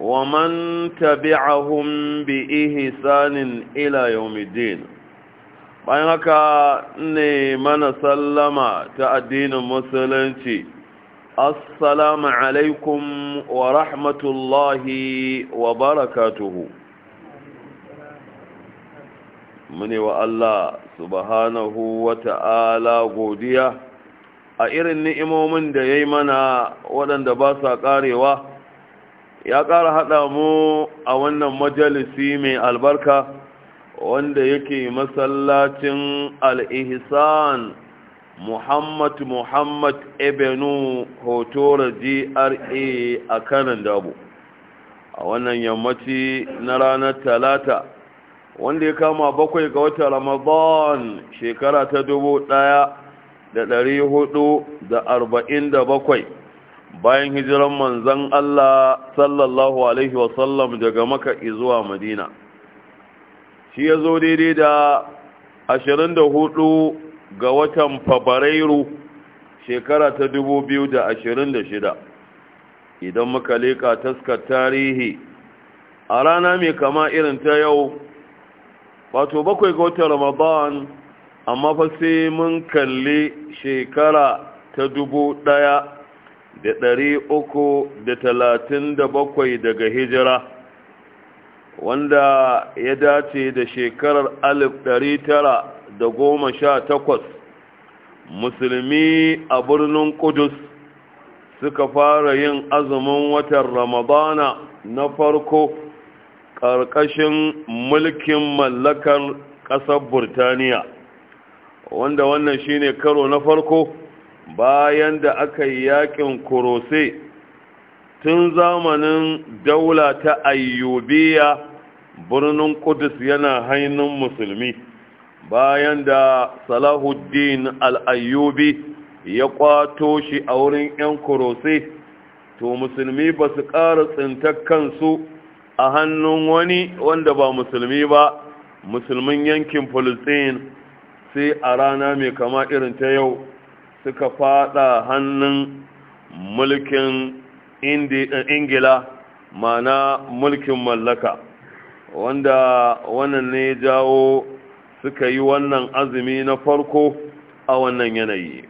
ومن تبعهم بإحسان إلى يوم الدين bayan haka ne mana sallama ta addinin musulunci assalamu alaikum wa rahmatullahi wa barakatuhu mune wa Allah subhanahu wa ta'ala godiya a irin ni'imomin da ya yi mana waɗanda ba sa ƙarewa ya ƙara haɗa mu a wannan majalisi mai albarka wanda yake masallacin al'ihisan muhammad muhammad ebenu hotora gra a kanan dabo a wannan yammaci na ranar talata wanda ya kama bakwai ga wata ramadan shekara ta dubu ɗaya da ɗari hudu da arba'in da bakwai bayan hijiran manzan Allah sallallahu alaihi wasallam daga maka zuwa madina shi ya zo daidai da 24 ga watan fabrairu shekara ta 2026 idan muka leƙa taskar tarihi a rana mai kama irin ta yau wato bakwai ga watan ramadan amma fa sai mun kalli shekara ta dubu ɗaya da ɗari uku da talatin da bakwai daga hijira wanda ya dace da shekarar alif ɗari tara da goma sha takwas musulmi a birnin kudus suka fara yin azumin watan ramadana na farko ƙarƙashin mulkin mallakar ƙasar burtaniya wanda wannan shine karo na farko bayan da aka yi yakin kurose tun zamanin daula ta ayyubiya birnin kudus yana hainin musulmi bayan da salahuddin al'ayyubi ya kwato shi a wurin 'yan kurose to musulmi ba su ƙara tsintar kansu a hannun wani wanda ba musulmi ba musulmin yankin filistin sai a rana mai kama irin ta yau suka fada hannun mulkin ingila mana mulkin mallaka wanda wannan ne jawo suka yi wannan azumi na farko a wannan yanayi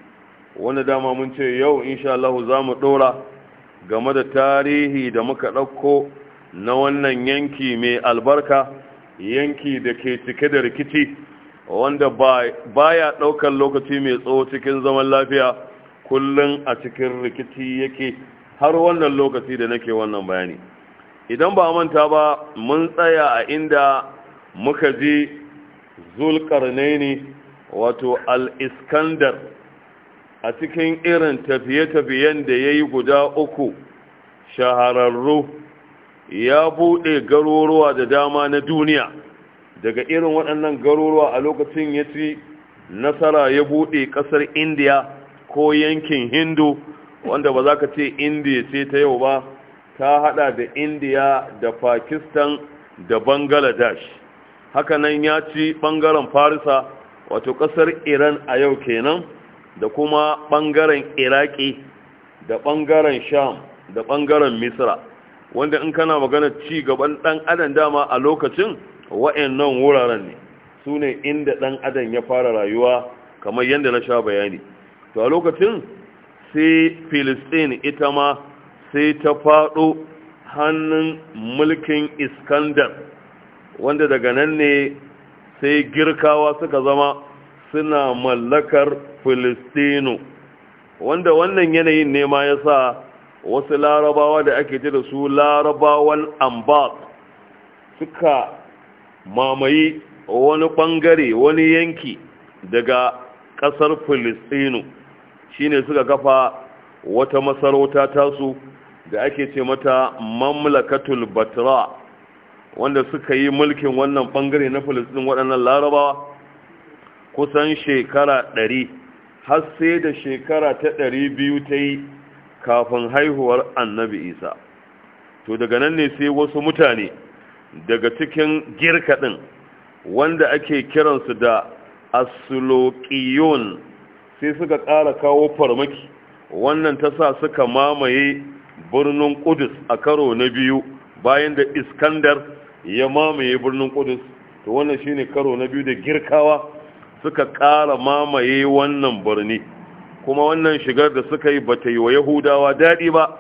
wani dama mun ce yau insha Allah za mu dora game da tarihi da muka ɗauko na wannan yanki mai albarka yanki da ke cike da rikici wanda ba ya ɗaukar lokaci mai tsawo cikin zaman lafiya kullum a cikin rikici yake har wannan lokaci da nake wannan bayani idan ba manta ba mun tsaya a inda muka ji ne wato al-iskandar a cikin irin tafiye-tafiyen da ya yi guda uku shahararru ya buɗe garuruwa da dama na duniya daga irin waɗannan garuruwa a lokacin ya ci nasara ya buɗe ƙasar indiya ko yankin hindu wanda ba za ka ce indiya ce ta yau ba ta haɗa da indiya da pakistan da Haka hakanan ya ci ɓangaren farisa wato ƙasar iran a yau kenan da kuma ɓangaren iraki da ɓangaren sham da ɓangaren misra wanda in kana magana ci gaban ɗan adam dama a lokacin nan wuraren ne su ne inda ɗan adam ya fara rayuwa kamar yadda na sha bayani to a lokacin sai filistin ita ma sai ta faɗo hannun mulkin iskandar wanda daga nan ne sai girkawa suka zama suna mallakar filistino wanda wannan yanayin ne ma ya sa wasu larabawa da ake ji da su larabawan ambat suka mamaye wani ɓangare wani yanki daga ƙasar filistinu shine suka kafa wata masarauta tasu da ake ce mata mamlakatul batra wanda suka yi mulkin wannan bangare na filistin waɗannan larabawa kusan shekara ɗari har sai da shekara ta ɗari biyu ta yi kafin haihuwar annabi isa to daga nan ne sai wasu mutane daga cikin girka ɗin wanda ake kiransu da asulokiyon sai suka ƙara kawo farmaki wannan ta sa suka mamaye birnin ƙudus a karo na biyu bayan da iskandar ya mamaye birnin ƙudus, to wannan shine karo na biyu da girkawa suka ƙara mamaye wannan birni kuma wannan shigar da suka yi bata yi wa yahudawa daɗi ba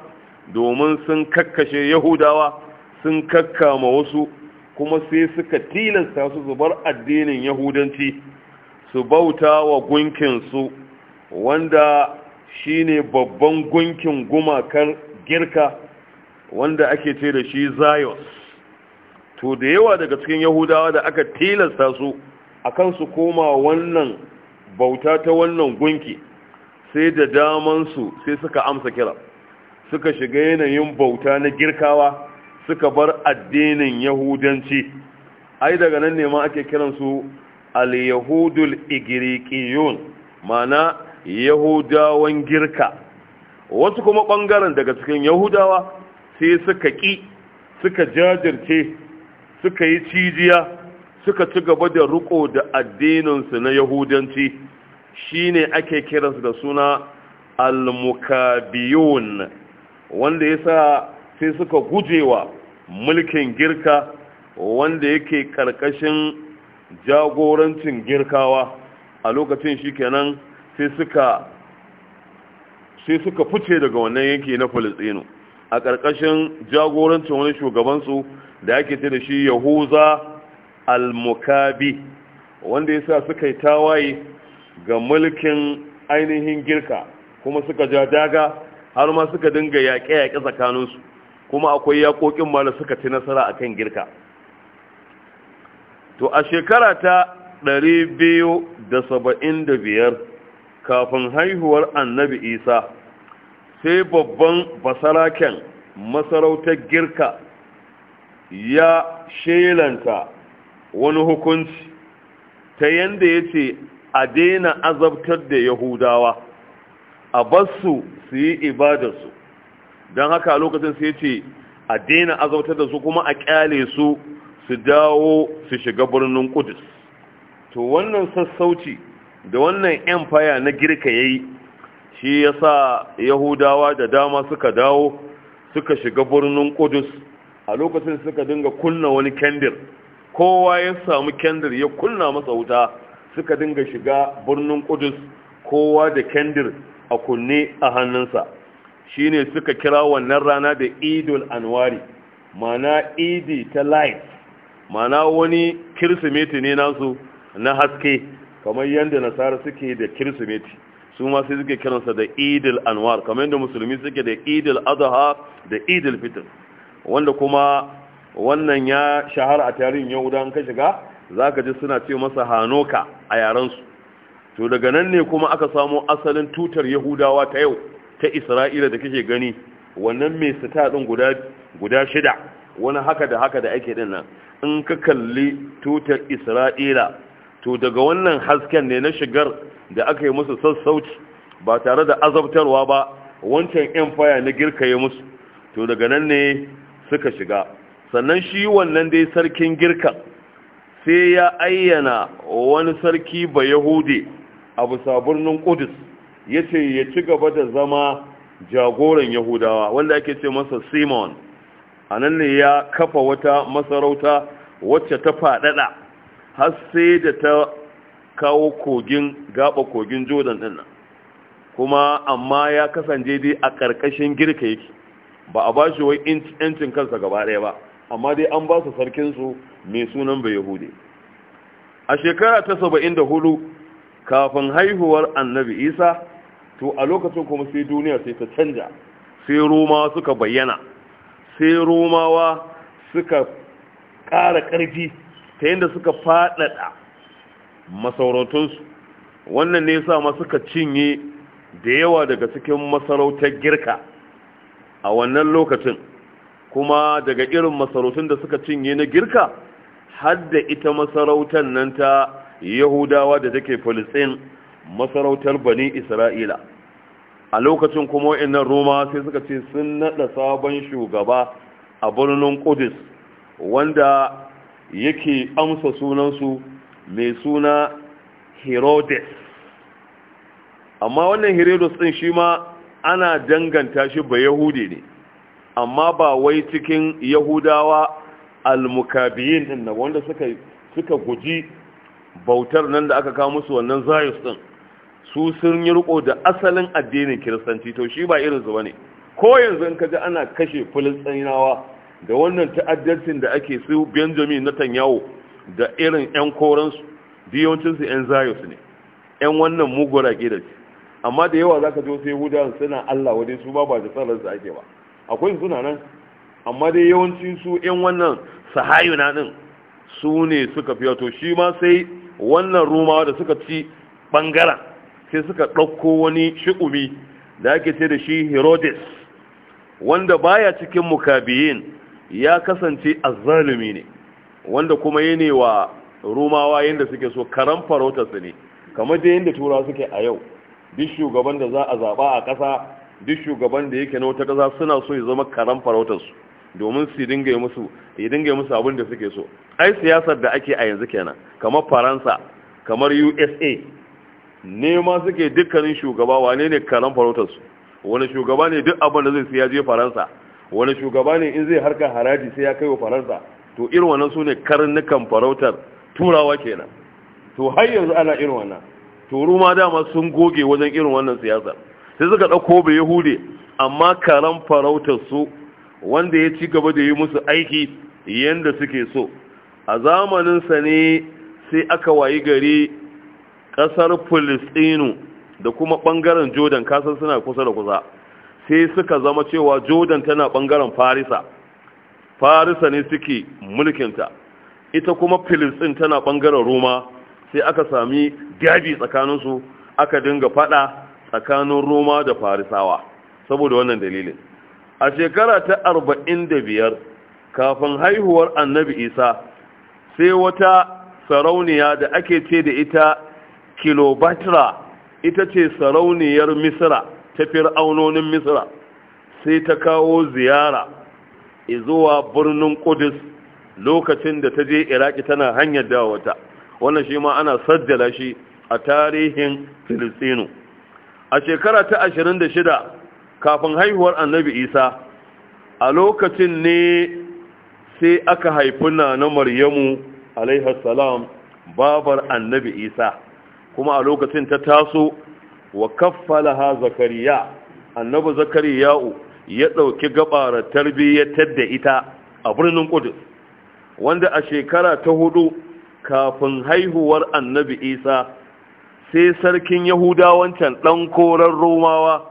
domin sun kakkashe yahudawa sun kakkama wasu kuma sai suka tilasta su zubar addinin yahudanci su bauta wa gunkinsu wanda shine babban gunkin gumakar girka wanda ake ce da shi zayos to da yawa daga cikin yahudawa da aka tilasta su akan su koma wannan bauta ta wannan gunki sai da damansu sai suka amsa kira suka shiga yanayin bauta na girkawa suka bar addinin yahudanci ai daga nan ne ma ake kiransu al-yahudul igriqiyun mana yahudawan girka wasu kuma bangaren daga cikin yahudawa sai suka ki suka jajirce suka yi cijiya suka ci gaba da ruko da addininsu na yahudanci shine ake kiransu da suna al-mukabiyun wanda yasa sai suka guje wa mulkin girka wanda yake karkashin jagorancin girkawa a lokacin shi sai suka sai suka fice daga wannan yanki na filistinu a ƙarƙashin jagorancin wani shugabansu da ake ce da shi yahuza al-mukabi wanda ya sa suka yi tawaye ga mulkin ainihin girka kuma suka ja daga har ma suka dinga yaƙe-yaƙe tsakaninsu kuma akwai yakokin ma da suka ci nasara a kan girka to a shekara ta 275 kafin haihuwar annabi isa sai babban basaraken masarautar girka ya shelanta wani hukunci ta yanda ya ce a daina azabtar da yahudawa a basu su yi ibadarsu don haka lokacin sai ce a daina azautar da su kuma a kyale su su dawo su shiga birnin kudus to wannan sassauci da wannan empire na girka yayi shi ya sa yahudawa da dama suka dawo suka shiga birnin kudus a lokacin suka dinga kunna wani kendir kowa ya samu kendir ya kunna masa wuta suka dinga shiga birnin kudus kowa da kendir a kunne a hannunsa Shi ne suka kira wannan rana da idul anwari mana idi ta light mana wani kirsimeti ne nasu na haske kamar yadda nasara suke da kirsimeti su ma suke kiransa da idil anwar kamar yadda musulmi suke da idil adha da idil fitr wanda kuma wannan ya shahara a tarihin yahudan ka shiga za ka ji suna ce masa hanoka a yarensu to daga nan ne kuma aka samo asalin tutar yahudawa ta yau ta isra'ila da kake gani wannan mai sita ɗin guda shida wani haka da haka da ake ɗin nan in ka kalli tutar isra'ila to daga wannan hasken ne na shigar da aka yi musu sassauci ba tare da azabtarwa ba wancan empire na girka musu to daga nan ne suka shiga sannan shi wannan dai sarkin girka sai ya ayyana wani sarki ba yahudi abu sabirnin kudus ya ce ya ci gaba da zama jagoran yahudawa wanda ake ce masa simon a ne ya kafa wata masarauta wacce ta faɗaɗa har sai da ta kawo kogin gaba kogin jordan ɗin nan kuma amma ya kasance dai a karkashin girka yake ba a bashi shi wai incin kansa gaba daya ba amma dai an ba su sarkinsu mai sunan bai yahude a shekara ta saba'in da kafin haihuwar annabi isa to a lokacin kuma sai duniya sai ta canja sai roma suka bayyana sai romawa suka ƙara ƙarfi ta yadda suka faɗaɗa masarautunsu wannan ne sa ma suka cinye da yawa daga cikin masarautar girka a wannan lokacin kuma daga irin masarautun da suka cinye na girka har da ita masarautar nan ta yahudawa da take filistin masarautar bani isra'ila a lokacin kuma wa'annan roma sai suka ce sun naɗa sabon shugaba a birnin kudus wanda yake amsa sunansu mai suna herodes amma wannan herodes ɗin shi ma ana danganta shi ba yahudi ne amma ba wai cikin yahudawa almukabiyin ɗin na wanda suka guji bautar nan da aka kawo musu wannan zayus ɗin su sun yi riko da asalin addinin kiristanci to shi ba irin zuwa ne. ko yanzu in kaji ana kashe filistinawa da wannan ta'addancin da ake su benjamin netanyahu da irin yan koransu biyawancinsu yan zayos ne yan wannan mugura da ce amma da yawa zaka ji wasu yahudawan suna allah wajen su ba ba da tsarar su ake ba akwai suna nan amma dai yawanci su yan wannan na din su ne suka fi to shi ma sai wannan rumawa da suka ci bangaren sai suka ɗauko wani shi'umi da ake ce da shi herodes wanda baya cikin mukabiyin ya kasance azzalumi ne wanda kuma yi wa rumawa yadda suke so karan farautarsu ne kamar da yadda tura suke a yau duk shugaban da za a zaɓa a ƙasa duk shugaban da yake na wata ƙasa suna so ya zama karan farautarsu domin su dinga musu ya dinga musu abin da suke so ai siyasar da ake a yanzu kenan kamar faransa kamar usa nema suke dukkanin shugaba wane ne karan farautarsu wani shugaba ne duk abin da zai siya je faransa wani shugaba ne in zai harka haraji sai ya kai wa faransa to irin wannan su ne karnukan farautar turawa kenan to har yanzu ana irin wannan to ruma dama sun goge wajen irin wannan siyasar sai suka ɗauko bai yahude amma karan farautar su wanda ya ci gaba da yi musu aiki yanda suke so a zamaninsa ne sai aka wayi gari ƙasar filistinu da kuma ɓangaren jordan kasan suna kusa da kusa sai suka zama cewa jordan tana ɓangaren farisa farisa ne suke mulkinta ita kuma filistin tana ɓangaren roma sai aka sami gabi tsakaninsu aka dinga faɗa tsakanin roma da farisawa saboda wannan dalilin a shekara ta arba'in da biyar kafin haihuwar annabi isa sai wata sarauniya da ake ce da ita kilobatra ita ce sarauniyar Misira ta fir'aunonin Misira, sai ta kawo ziyara zuwa birnin kudus lokacin da ta je iraki tana hanyar dawata wannan shi ma ana sajjala shi a tarihin filistinu a shekara ta 26 kafin haihuwar annabi isa a lokacin ne sai aka haifi na maryamu alaihassalam babar annabi isa kuma a lokacin ta taso wa kaffalaha zakariya annabi zakariya'u ya ɗauki gabarar tarbiyyatar da ita a birnin kudus wanda a shekara ta hudu kafin haihuwar annabi isa sai sarkin Yahuda wancan ɗan koren romawa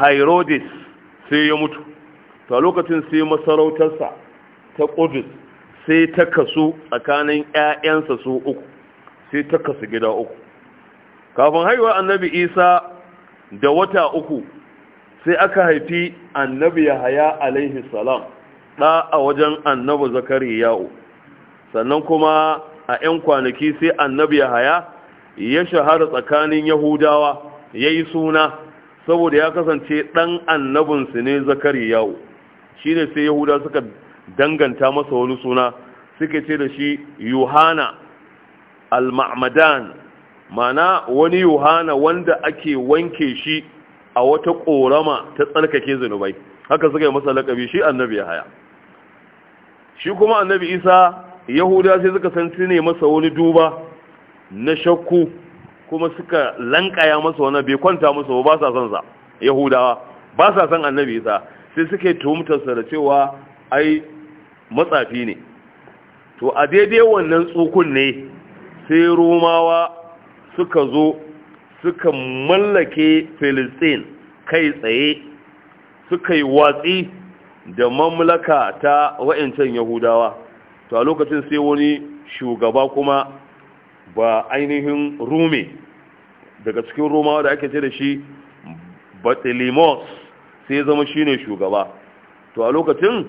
herodes sai ya mutu a lokacin sai masarautarsa ta kudus sai ta kasu tsakanin 'ya'yansa su uku sai ta gida uku kafin haihuwa annabi isa da wata uku sai aka haifi annabi yahaya alaihi salam ɗa a wajen annabi zakariya'u sannan kuma a 'yan kwanaki sai annabi yahaya ya shahara tsakanin yahudawa ya yi suna saboda ya kasance ɗan annabinsu ne zakari yau shi ne sai yahuda suka danganta masa wani suna suke ce da shi yohana al-ma'madan mana wani yohana wanda ake wanke shi a wata korama ta tsarkake zunubai haka suka yi masa lakabi shi annabi ya haya shi kuma annabi isa yahuda sai suka san ne masa wani duba na shakku kuma suka lankaya masa wani bai kwanta masa ba sa son sa yahudawa ba sa son annabi isa sai suke yi tuhumtarsa da cewa ai matsafi ne to a daidai wannan tsukun ne sai romawa suka zo suka mallake filistin kai tsaye suka yi watsi da mamlaka ta wa'incan yahudawa to a lokacin sai wani shugaba kuma ba ainihin rome daga cikin romawa da ake ce da shi batilimos sai zama shine shugaba to a lokacin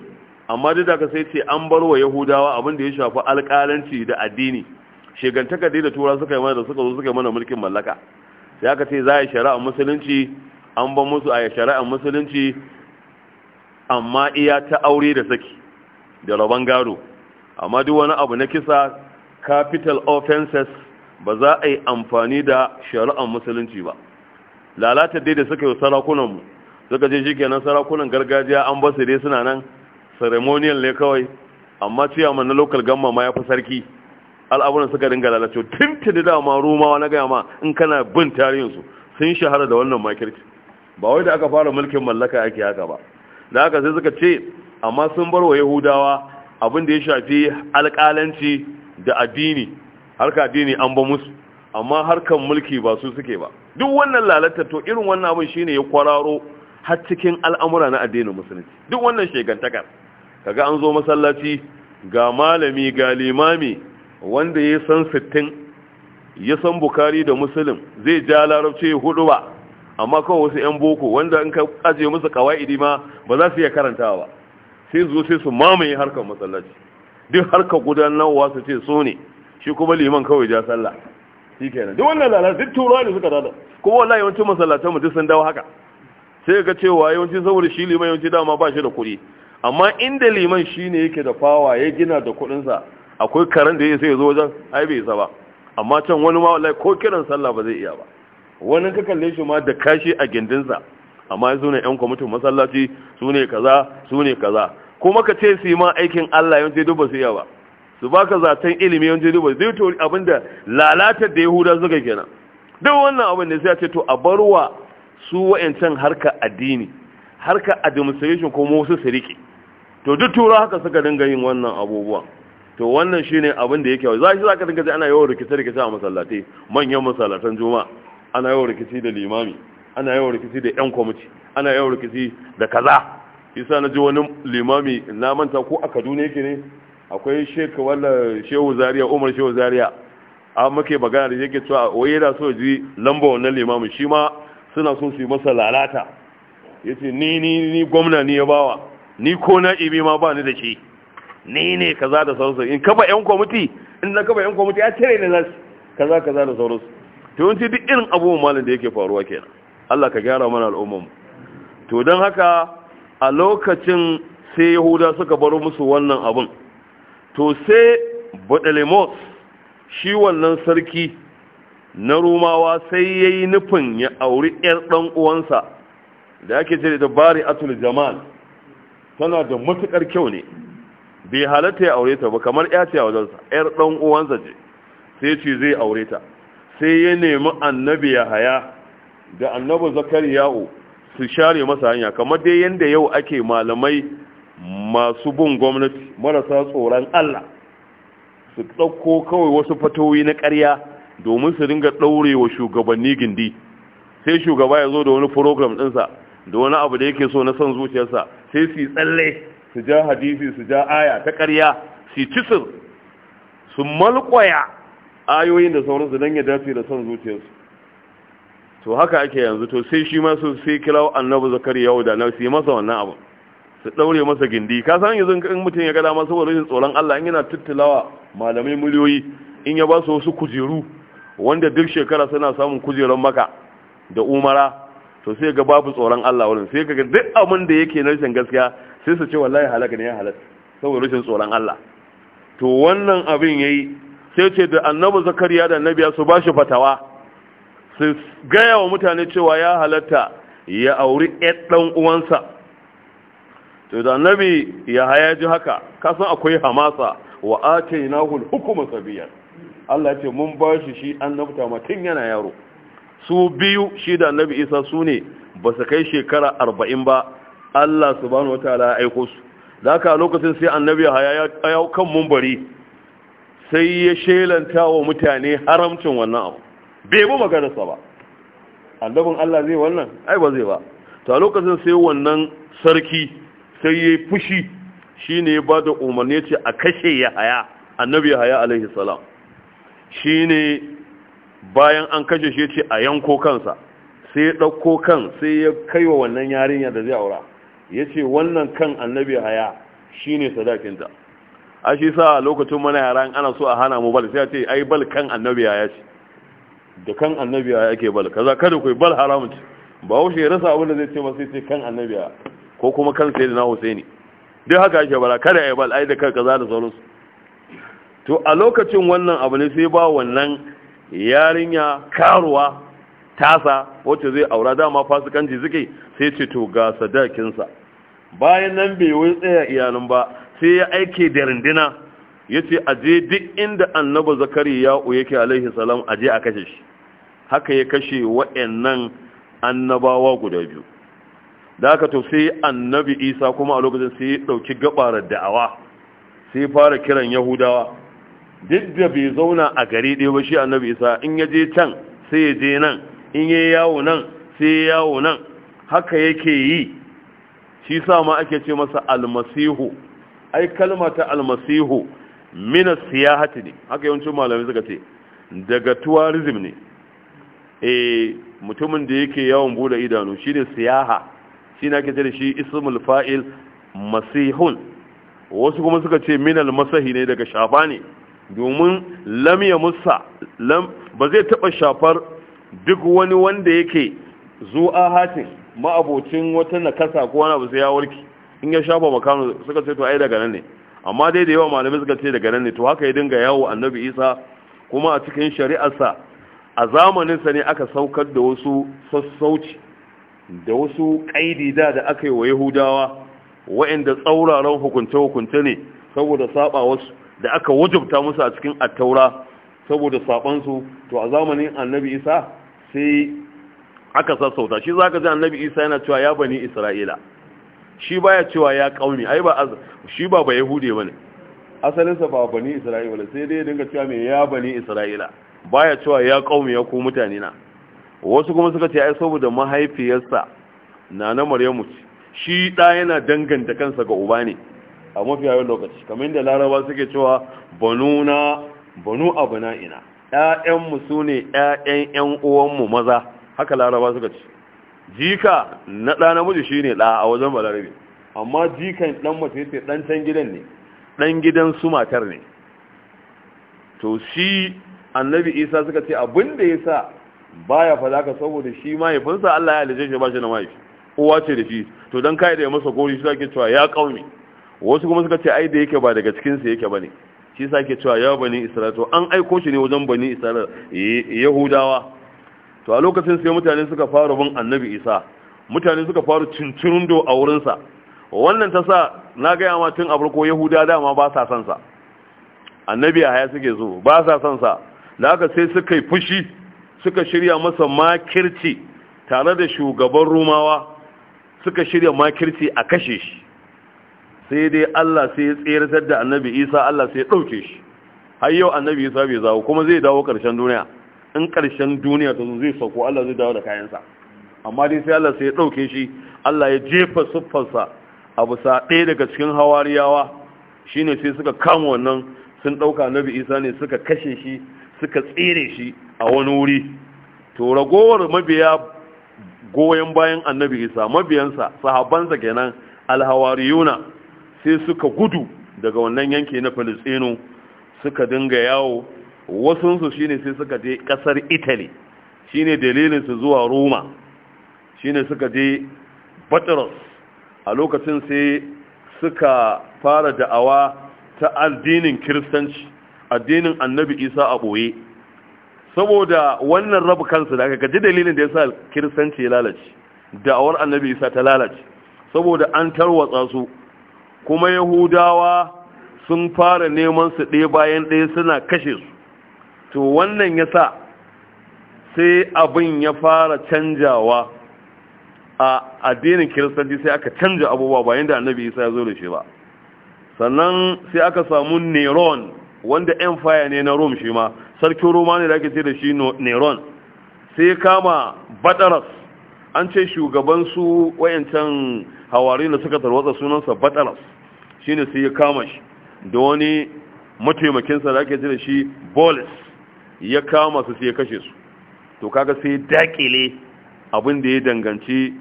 amma duk da ka sai ce an bar wa yahudawa abinda ya shafi alƙalanci da addini shegantaka dai da tura suka yi mana da suka zo suka yi mana mulkin mallaka sai aka ce za a yi shari'ar musulunci an ban musu a yi shari'ar musulunci amma iya ta aure da saki da rabon gado amma duk wani abu na kisa capital offenses ba za a yi amfani da shari'ar musulunci ba lalata dai da suka yi sarakunanmu suka ce shikenan sarakunan gargajiya an basu dai suna nan ceremonial ne kawai amma ciyaman na local gamma ma ya fi sarki al'amuran suka dinga lalacewa da dama romawa na gaya ma in kana bin tarihinsu sun shahara da wannan makirci ba wai da aka fara mulkin mallaka ake haka ba da haka sai suka ce amma sun bar wa yahudawa abin da ya shafi alƙalanci da addini harka addini an ba musu amma harkan mulki ba su suke ba duk wannan lalata to irin wannan abin shine ya kwararo har cikin al'amura na addinin musulunci duk wannan shegantakar kaga an zo masallaci ga malami ga limami wanda ya san sittin ya san bukari da musulun zai ja larabci ya hudu ba amma kawai wasu 'yan boko wanda in ka ajiye musu kawa'idi ma ba za su iya karantawa ba sai zo sai su mamaye harkar masallaci duk harkar gudanarwa su ce so ne shi kuma liman kawai ja sallah shi kenan duk wannan lalata duk turawa ne suka dada kuma wallahi yawancin masallatan mu duk sun dawo haka sai ga cewa yawanci saboda shi liman yawanci dama ba shi da kuɗi amma inda liman shine yake da fawa ya gina da kuɗinsa akwai karen da ya sai ya zo wajen ai bai isa ba amma can wani ma wallahi ko kiran sallah ba zai iya ba wani ka kalle shi ma da kashi a gindinsa amma yanzu ne yan kwamitin masallaci su ne kaza su ne kaza kuma ka ce su yi ma aikin Allah yawanci duk ba su iya ba su baka zaton ilimi yawanci duk ba zai to abinda lalatar da yahuda suka kenan duk wannan abin ne sai a ce to a barwa su wa'ancan harka addini harka administration ko wasu su rike to duk tura haka suka dinga yin wannan abubuwan to wannan shine abin da yake za shi zaka dinga ji ana yawan rikici rikici a masallatai manyan masallatan juma'a ana yawan rikici da limami ana yawan rikici da yan kwamiti ana yawan rikici da kaza yasa na ji wani limami na manta ko a Kaduna yake ne akwai shehu walla shehu Zaria Umar shehu Zaria a muke magana da yake cewa wai yana so ji lamba wannan limamin shi ma suna so su yi masa lalata yace ni ni ni gwamna ni ya bawa ni ko na ibi ma ba ni da shi ne ne kaza da sauransu in kafa yan kwamiti in na kafa yan kwamiti ya cire ne nasu kaza kaza da sauransu to duk irin abubuwan malin da yake faruwa kenan Allah ka gyara mana al'umman to don haka a lokacin sai yahuda suka baro musu wannan abin to sai badalemos shi wannan sarki na rumawa sai ya yi nufin ya auri 'yar dan uwansa da ake cire da bari atul jamal tana da matuƙar kyau ne bai halatta ya aure ta ba kamar ya ce a wajensa yar ɗan uwansa ce sai ce zai aure ta sai ya nemi annabi ya haya da annabi zakariya'u su share masa hanya kamar dai yanda yau ake malamai masu bin gwamnati marasa tsoron Allah su ɗauko kawai wasu fatoyi na ƙarya domin su dinga ɗaure shugabanni gindi sai shugaba ya zo da wani program ɗinsa da wani abu da yake so na son zuciyarsa sai su yi tsalle su ja hadisi su ja aya ta ƙarya su ci su malƙwaya ayoyin da sauransu don ya dace da son zuciyarsu to haka ake yanzu to sai shi masu sai kilawo annabu zakari yau da na su masa wannan abu su ɗaure masa gindi ka san yanzu in mutum ya ga masu saboda rashin tsoron Allah in yana tattalawa malamai miliyoyi in ya ba su wasu kujeru wanda duk shekara suna samun kujeran maka da umara to sai ga babu tsoron Allah wurin sai ga duk abin da yake na rashin gaskiya sai su ce wallahi halaka ne ya halaka saboda rashin tsoron Allah to wannan abin yayi sai ce da annabi zakariya da nabiya su bashi fatawa su gaya wa mutane cewa ya halatta ya auri ɗan dan uwansa to da annabi ya haya ji haka kasan akwai hamasa wa atainahu al-hukma sabiyan Allah ya ce mun bashi shi annabta mutun yana yaro su biyu shi da annabi Isa su ne ba su kai shekara arba'in ba Allah subhanahu wataala ya aiko su da haka lokacin sai annabi haya ya yau kan mumbari sai ya shelanta wa mutane haramcin wannan abu bai bu maganarsa ba annabin Allah zai wannan ai ba zai ba to a lokacin sai wannan sarki sai ya fushi shine ya ba da umarni ce a kashe ya haya annabi ya haya alaihi salam ne bayan an kashe shi ce a yanko kansa sai ya ɗauko kan sai ya kai wa wannan yarinya da zai aura ya ce wannan kan annabi haya shi ne sadakinta a shi sa lokacin mana yara ana so a hana mu bal sai a ce ai bal kan annabi haya ce da kan annabi haya ake bal kaza kada ku bal haramun ce ba wuce ya rasa abin da zai ce ba sai ce kan annabi haya ko kuma kan sai da na husaini duk haka ake bara kada ai bal ai da kan kaza da sauransu to a lokacin wannan abu ne sai ba wannan yarinya karuwa tasa wacce zai aura dama fasikanci suke sai ce to ga sadakinsa bayan nan bai wai tsaya iyalin ba sai ya aike da rindina ya ce a je duk inda annabi zakari ya yake alaihi salam a je a kashe shi haka ya kashe wa'annan annabawa guda biyu da haka to sai annabi isa kuma a lokacin sai ya ɗauki gabarar da'awa sai fara kiran yahudawa duk da bai zauna a gari ɗaya ba shi annabi isa in ya je can sai ya je nan in yi yawo nan sai yawo nan haka yake yi shi sa ma ake ce masa almasihu ai kalma ta almasihu mina siyahati ne haka yawancin malamai suka ce daga tourism ne e mutumin da yake yawon bude idanu shine siyaha shine ake ce da shi ismul fa'il masihun wasu kuma suka ce minal masahi ne daga shafa ne domin lam ya musa lam ba zai taba shafar duk wani wanda yake zuwa hatin ma'abocin wata nakasa ko wani abu sai ya warki in ya shafa makano suka ce to ai daga nan ne amma dai da yawa malamai suka ce daga nan ne to haka ya dinga yawo annabi isa kuma a cikin shari'arsa a zamanin sa ne aka saukar da wasu sassauci da wasu ƙaidi da da aka yi wa yahudawa wa'inda tsauraran hukunce-hukunce ne saboda saba wasu da aka wajabta musu a cikin attaura saboda sabansu to a zamanin annabi isa sai aka sassauta shi za ka ji annabi isa yana cewa ya bani isra'ila shi baya cewa ya ƙauni. ai ba shi ba ba yahude asalinsa ba bani isra'ila sai dai dinga cewa me ya bani isra'ila baya cewa ya kauni ya ku mutane na wasu kuma suka ce ai saboda mahaifiyarsa na na maryamu shi da yana danganta kansa ga uba ne a mafi yawan lokaci kamar da laraba suke cewa na banu ina. ‘ya'yanmu su ne ‘ya'yan ‘yan uwanmu maza haka laraba suka ce jika na ɗa namiji shi ne ɗa a wajen balarabe amma jikan ɗan mace ce ɗan can gidan ne ɗan gidan su matar ne to shi annabi isa suka ce abin da ya sa ya fa ka saboda shi mahaifinsa Allah ya halice shi ba shi da mahaifi uwa ce da shi to don kai da ya masa gori shi zake cewa ya kaumi wasu kuma suka ce ai da yake ba daga cikin sa ba ne. shi sa ke cewa ya bani isra'ila to an aiko shi ne wajen bani isra'ila eh, eh, yahudawa to a lokacin sai mutane suka fara bin annabi isa mutane suka fara cincirindo a wurinsa wannan ta sa na gaya ma tun abarko yahuda dama ba sa son annabi a haya suke zo ba sa son sa da haka sai suka yi fushi suka shirya masa makirci tare da shugaban rumawa suka shirya makirci a kashe shi sai dai Allah sai ya tseratar da annabi isa Allah sai ya ɗauke shi har yau annabi isa bai zawo kuma zai dawo ƙarshen duniya in ƙarshen duniya ta zo zai sauko Allah zai dawo da kayansa amma dai sai Allah sai ya ɗauke shi Allah ya jefa siffarsa a bisa ɗaya daga cikin hawariyawa shine sai suka kama wannan sun ɗauka annabi isa ne suka kashe shi suka tsere shi a wani wuri to ragowar mabiya goyon bayan annabi isa mabiyansa sahabansa kenan alhawariyuna sai suka gudu daga wannan yanki na Falistinu suka dinga yawo wasunsu shine sai suka je kasar Italy shine dalilin su zuwa Roma shine suka je Patros a lokacin sai suka fara da'awa ta addinin Kiristanci addinin Annabi Isa a boye saboda wannan rabu kansu da aka dalilin da yasa Kiristanci ya lalace da'awar Annabi Isa ta lalace saboda an tarwatsa su kuma yahudawa sun fara neman su ɗaya bayan ɗaya suna kashe su to wannan ya sa sai abin ya fara canjawa a addinin kiristanci sai aka canja abubuwa bayan da annabi isa ya zo da shi ba sannan sai aka samu neron wanda yan empire ne na rome shi ma sarkin roma ne da ake ce da shi neron sai kama badaras an ce shugaban su wayancan hawari da suka tarwatsa sunansa badaras Shi ne sai ya kama shi da wani mataimakinsa da ake da shi bolis ya kama su sai ya kashe su to kaga sai dakile abin da ya danganci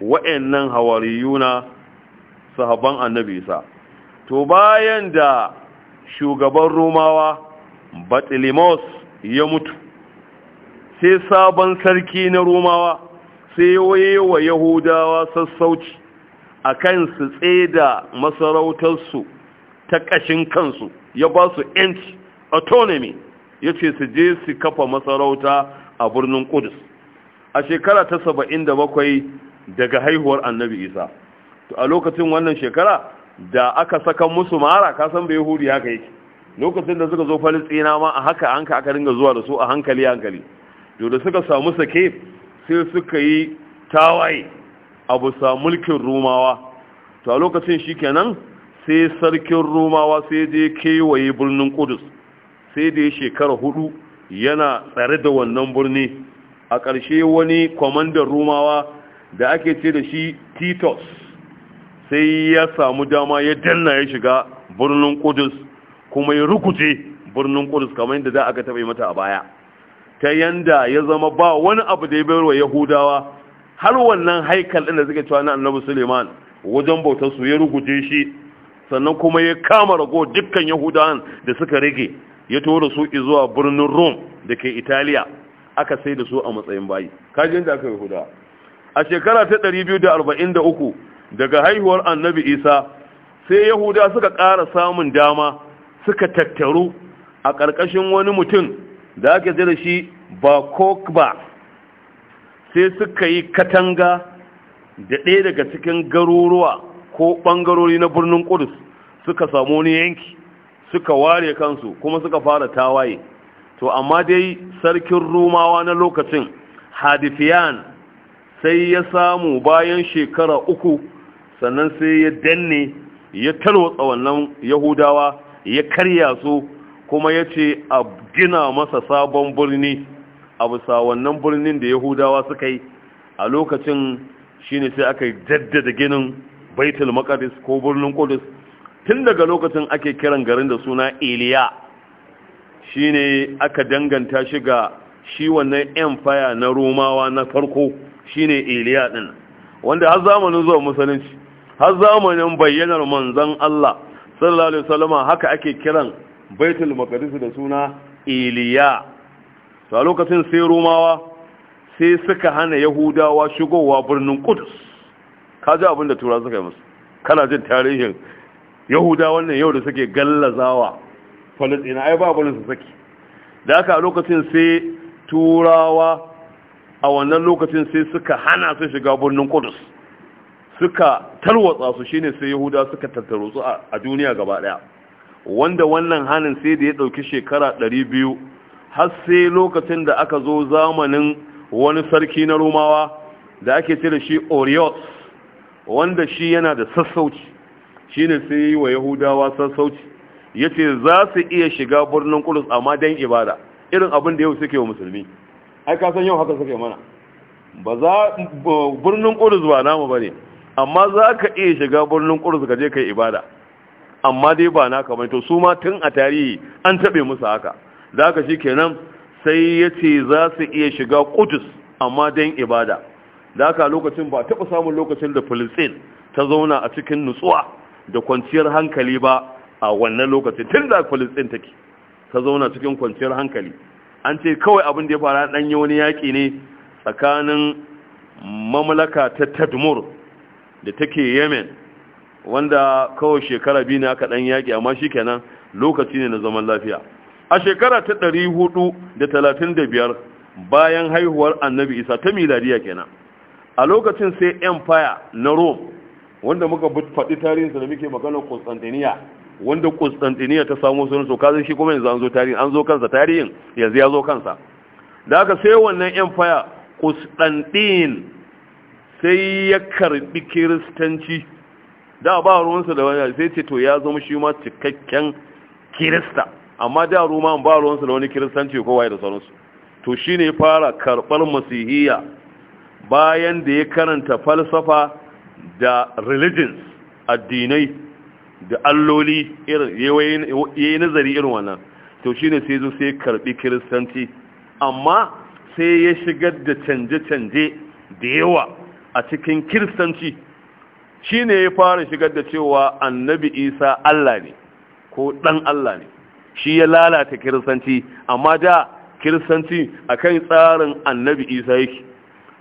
wa'annan hawariyuna sahaban annabi sa to bayan da shugaban romawa batilimos ya mutu sai sabon sarki na romawa sai ya wa yahudawa sassauci a kan su tseda masarautarsu ta ƙashin kansu ya ba su inci autonomy ya ce su je su kafa masarauta a birnin kudus a shekara ta saba'in da bakwai daga haihuwar annabi isa to a lokacin wannan shekara da aka saka musu mara kasan bai yahudi haka yake lokacin da suka zo tsina ma a haka hanka aka ringa zuwa da su a hankali hankali to da suka samu sake sai suka yi tawaye a bisa mulkin rumawa to a lokacin shi kenan sai sarkin rumawa sai da ya kewaye birnin kudus sai da ya shekara hudu yana tsare da wannan birni a ƙarshe wani kwamandan rumawa da ake ce da shi titus sai ya samu dama ya danna ya shiga birnin kudus kuma ya rukuce birnin kudus kamar yadda za aka taɓa mata a baya ta yanda ya zama ba wani abu da ya bayarwa yahudawa har wannan haikal ɗin da suke cewa na annabi suleiman wajen bautar su ya ruguje shi sannan kuma ya kama rago dukkan yahudawan da suka rage ya tura su zuwa birnin rome da ke italiya aka sai da su a matsayin bayi kajin da aka yi huda, a shekara ta 243 daga haihuwar annabi isa sai yahuda suka ƙara samun dama suka tattaru a ƙarƙashin wani mutum da ake zira shi ba kokba sai suka yi katanga da ɗaya daga cikin garuruwa ko ɓangarori na birnin ƙudus suka samu wani yanki suka ware kansu kuma suka fara tawaye to amma dai sarkin rumawa na lokacin hadifiyan sai ya samu bayan shekara uku sannan sai ya danne ya talwatsa wannan yahudawa ya karya su kuma ya ce a gina masa sabon birni a bisa wannan birnin da yahudawa suka yi a lokacin shine sai aka jaddada ginin baitul maqdis ko birnin qudus tun daga lokacin ake kiran garin da suna eliya shine aka danganta shi ga shi wannan empire na romawa na farko shine eliya din wanda har zamanin zuwa musulunci har zamanin bayyanar manzon Allah sallallahu alaihi wasallama haka ake kiran baitul maqdis da suna eliya to a lokacin sai romawa sai suka hana yahudawa shigowa birnin kudus ka ji abinda tura suka yi musu kana jin tarihin yahudawa wannan yau da suke gallazawa falasina ai ba abin su saki da aka a lokacin sai turawa a wannan lokacin sai suka hana su shiga birnin kudus suka tarwatsa su shine sai yahuda suka tattaro su a duniya gaba daya wanda wannan hanin sai da ya dauki shekara 200 har sai lokacin da aka zo zamanin wani sarki na romawa da ake ce da shi oriot wanda shi yana da sassauci shi ne sai yi wa yahudawa sassauci ya ce za su iya shiga birnin kudus amma don ibada irin abin da yau suke wa musulmi ai ka san yau haka suke mana ba za birnin kudus ba namu ba ne amma za ka iya shiga birnin kudus ka je ka yi ibada amma dai ba na kamar to su ma tun a tarihi an taɓe musu haka da aka shi kenan sai ya ce za su iya shiga kudus amma don ibada da aka lokacin ba taɓa samun lokacin da filistin ta zauna a cikin nutsuwa da kwanciyar hankali ba a wannan lokacin tun da filistin take ta zauna cikin kwanciyar hankali an ce kawai abin da ya fara yi wani yaƙi ne tsakanin mamlaka ta tadmur da take yemen wanda kawai shekara biyu ne aka ɗan yaƙi amma shi kenan lokaci ne na zaman lafiya a shekara ta ɗari hudu da talatin da biyar bayan haihuwar annabi isa ta miladiya kenan a lokacin sai empire na rome wanda muka faɗi tarihinsa da muke magana constantinia wanda constantinia ta samu sunan so kazan shi kuma yanzu an zo tarihin an zo kansa tarihin yanzu ya zo kansa da aka sai wannan empire constantin sai ya karbi kiristanci da ba ruwansa da wani sai ce to ya zama shi ma cikakken kirista amma da ruma ba ruwansu da wani kiristanci ko waye da sauransu to shine ya fara karɓar masihiyya bayan da ya karanta falsafa da religions addinai da alloli irin yayi nazari irin wannan to shine sai zo sai karɓi kiristanci amma sai ya shigar da canje-canje da yawa a cikin kiristanci shine ya fara shigar da cewa annabi isa allah ne ko ɗan allah ne shi ya lalata kiristanci amma da kiristanci akan tsarin annabi isa yake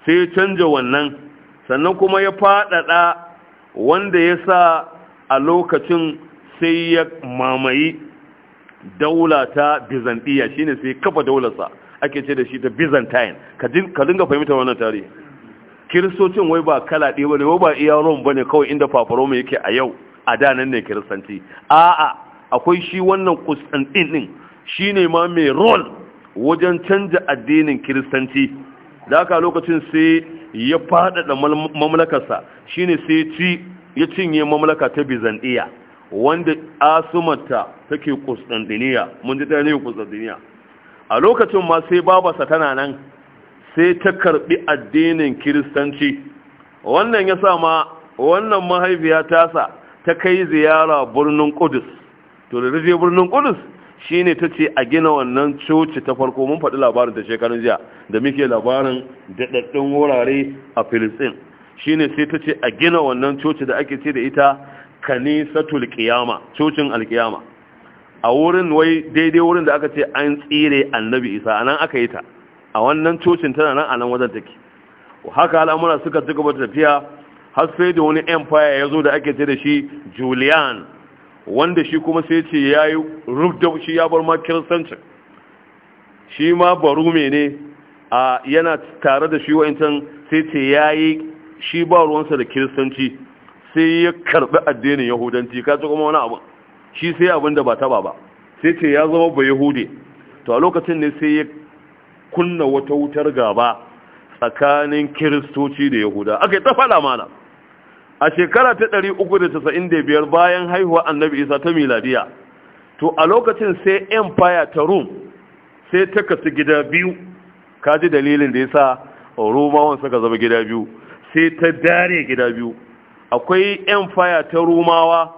sai ya canja wannan sannan kuma ya faɗaɗa wanda ya sa a lokacin sai ya mamayi daula ta byzantiya shine sai kafa daularsa ake ce da shi ta byzantine ka dinga fahimta wannan tarihi kiristocin wai ba kala ɗaya ba ne wai ba iya rom ba ne kawai inda fafaroma yake a yau a danan ne kiristanci a'a akwai shi wannan kustantin din shi ne ma mai rol wajen canja addinin kiristanci da aka lokacin sai ya faɗaɗa mamlakarsa shi ne sai ci ya cinye mamlaka ta bizantiya wanda asumata take kustantiniya mun ji ne kustantiniya a lokacin ma sai babarsa tana nan sai ta karɓi addinin kiristanci wannan ya sa ma wannan mahaifiya tasa ta kai ziyara birnin kudus to da rufe birnin Kudus ne ta ce a gina wannan coci ta farko mun faɗi labarin ta shekarun jiya da muke labarin daɗaɗɗun wurare a Filistin ne sai ta ce a gina wannan coci da ake ce da ita kanisatul kiyama cocin alkiyama a wurin wai daidai wurin da aka ce an tsire annabi isa a nan aka yi ta a wannan cocin tana nan a nan wajen take haka al'amura suka ci gaba tafiya har sai da wani empire ya zo da ake ce da shi julian wanda shi kuma sai ce ya yi rubda shi ya bar ma shi ma barume ne a yana tare da shi wa'incan sai ce ya yi shi ba ruwansa da kiristanci sai ya karɓi addinin yahudanci ka ci kuma wani abu shi sai abin da ba taba ba sai ce ya zama ba yahude to a lokacin ne sai ya kunna wata wutar gaba tsakanin kiristoci da yahuda aka yi ta faɗa mana a shekara ta ɗari da da biyar bayan haihuwa annabi isa ta miladiya to a lokacin sai faya ta rum sai ta kasu gida biyu kaji dalilin da ya sa romawan suka zama gida biyu sai ta dare gida biyu akwai faya ta rumawa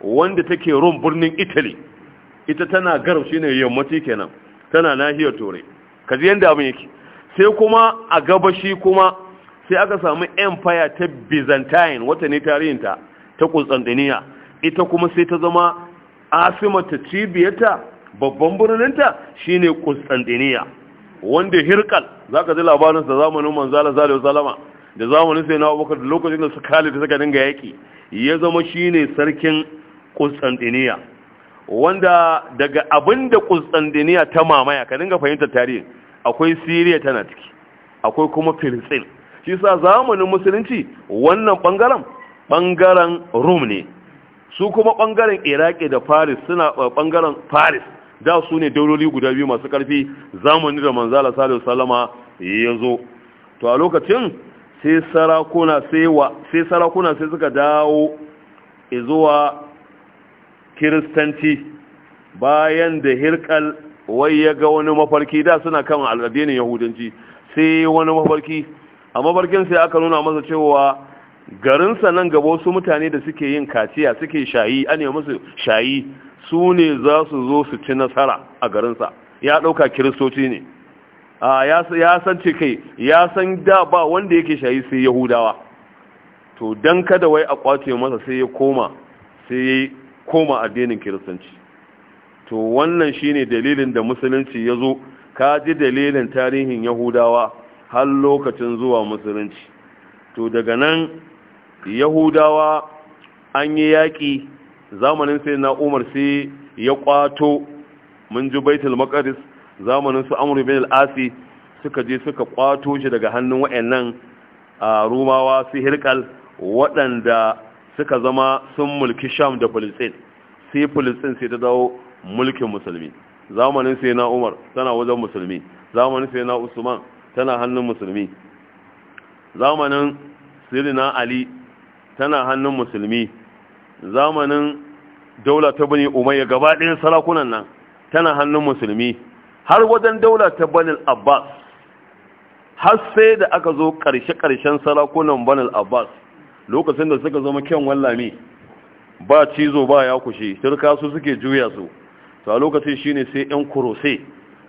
wanda take rum birnin italy ita tana shi shine yammaci kenan tana nahiyar turai kaji yadda abin yake sai kuma a gabashi kuma sai aka samu empire ta byzantine wata ne tarihinta ta constantinople ita kuma sai ta zama asimata cibiyarta babban birninta shine constantinople wanda hirkal zaka ji labarin sa zamanin manzala sallallahu salama da zamanin sai na abubakar lokacin da su kale da suka dinga yaƙi ya zama shine sarkin constantinople wanda daga abinda constantinople ta mamaya ka dinga fahimtar tarihi akwai Siriya tana ciki akwai kuma filistin shi sa zamanin musulunci wannan bangaren bangaren rum ne su kuma bangaren iraki da paris suna bangaren eh, paris da su ne dauroli guda biyu masu karfi zamani da manzala salihu salama ya zo to a lokacin sai sarakuna sai suka dawo zuwa kiristanci bayan da hirkal wai ya ga wani mafarki da suna kan al'adini yahudanci sai wani mafarki a mafarkin sai aka nuna masa cewa garinsa nan gaba wasu mutane da suke yin kaciya suke shayi an yi musu shayi su ne za su zo su ci nasara a garinsa ya ɗauka kiristoci ne A ya san ce kai ya san da ba wanda yake shayi sai yahudawa to don kada wai a kwace masa sai ya koma sai ya koma addinin kiristanci to wannan shine dalilin da musulunci ya zo ka ji dalilin tarihin yahudawa har lokacin zuwa musulunci to daga nan yahudawa an yi yaƙi zamanin sai na umar sai ya ƙwato mun ji baitul maqdis zamanin su amr bin al suka je suka ƙwato shi daga hannun a rumawa su hirkal waɗanda suka zama sun mulki sham da filistin sai filistin sai ta dawo mulkin musulmi zamanin sai na umar tana wajen musulmi zamanin sai na usman tana hannun musulmi zamanin sirina ali tana hannun musulmi zamanin daula ta bani umayya gaba ɗayan sarakunan nan tana hannun musulmi har wajen daula ta bani abbas har sai da aka zo ƙarshe-ƙarshen sarakunan bani abbas lokacin da suka zama kyan wallami ba cizo ba ya kushe shirka su suke juya su to a lokacin shine sai 'yan kurose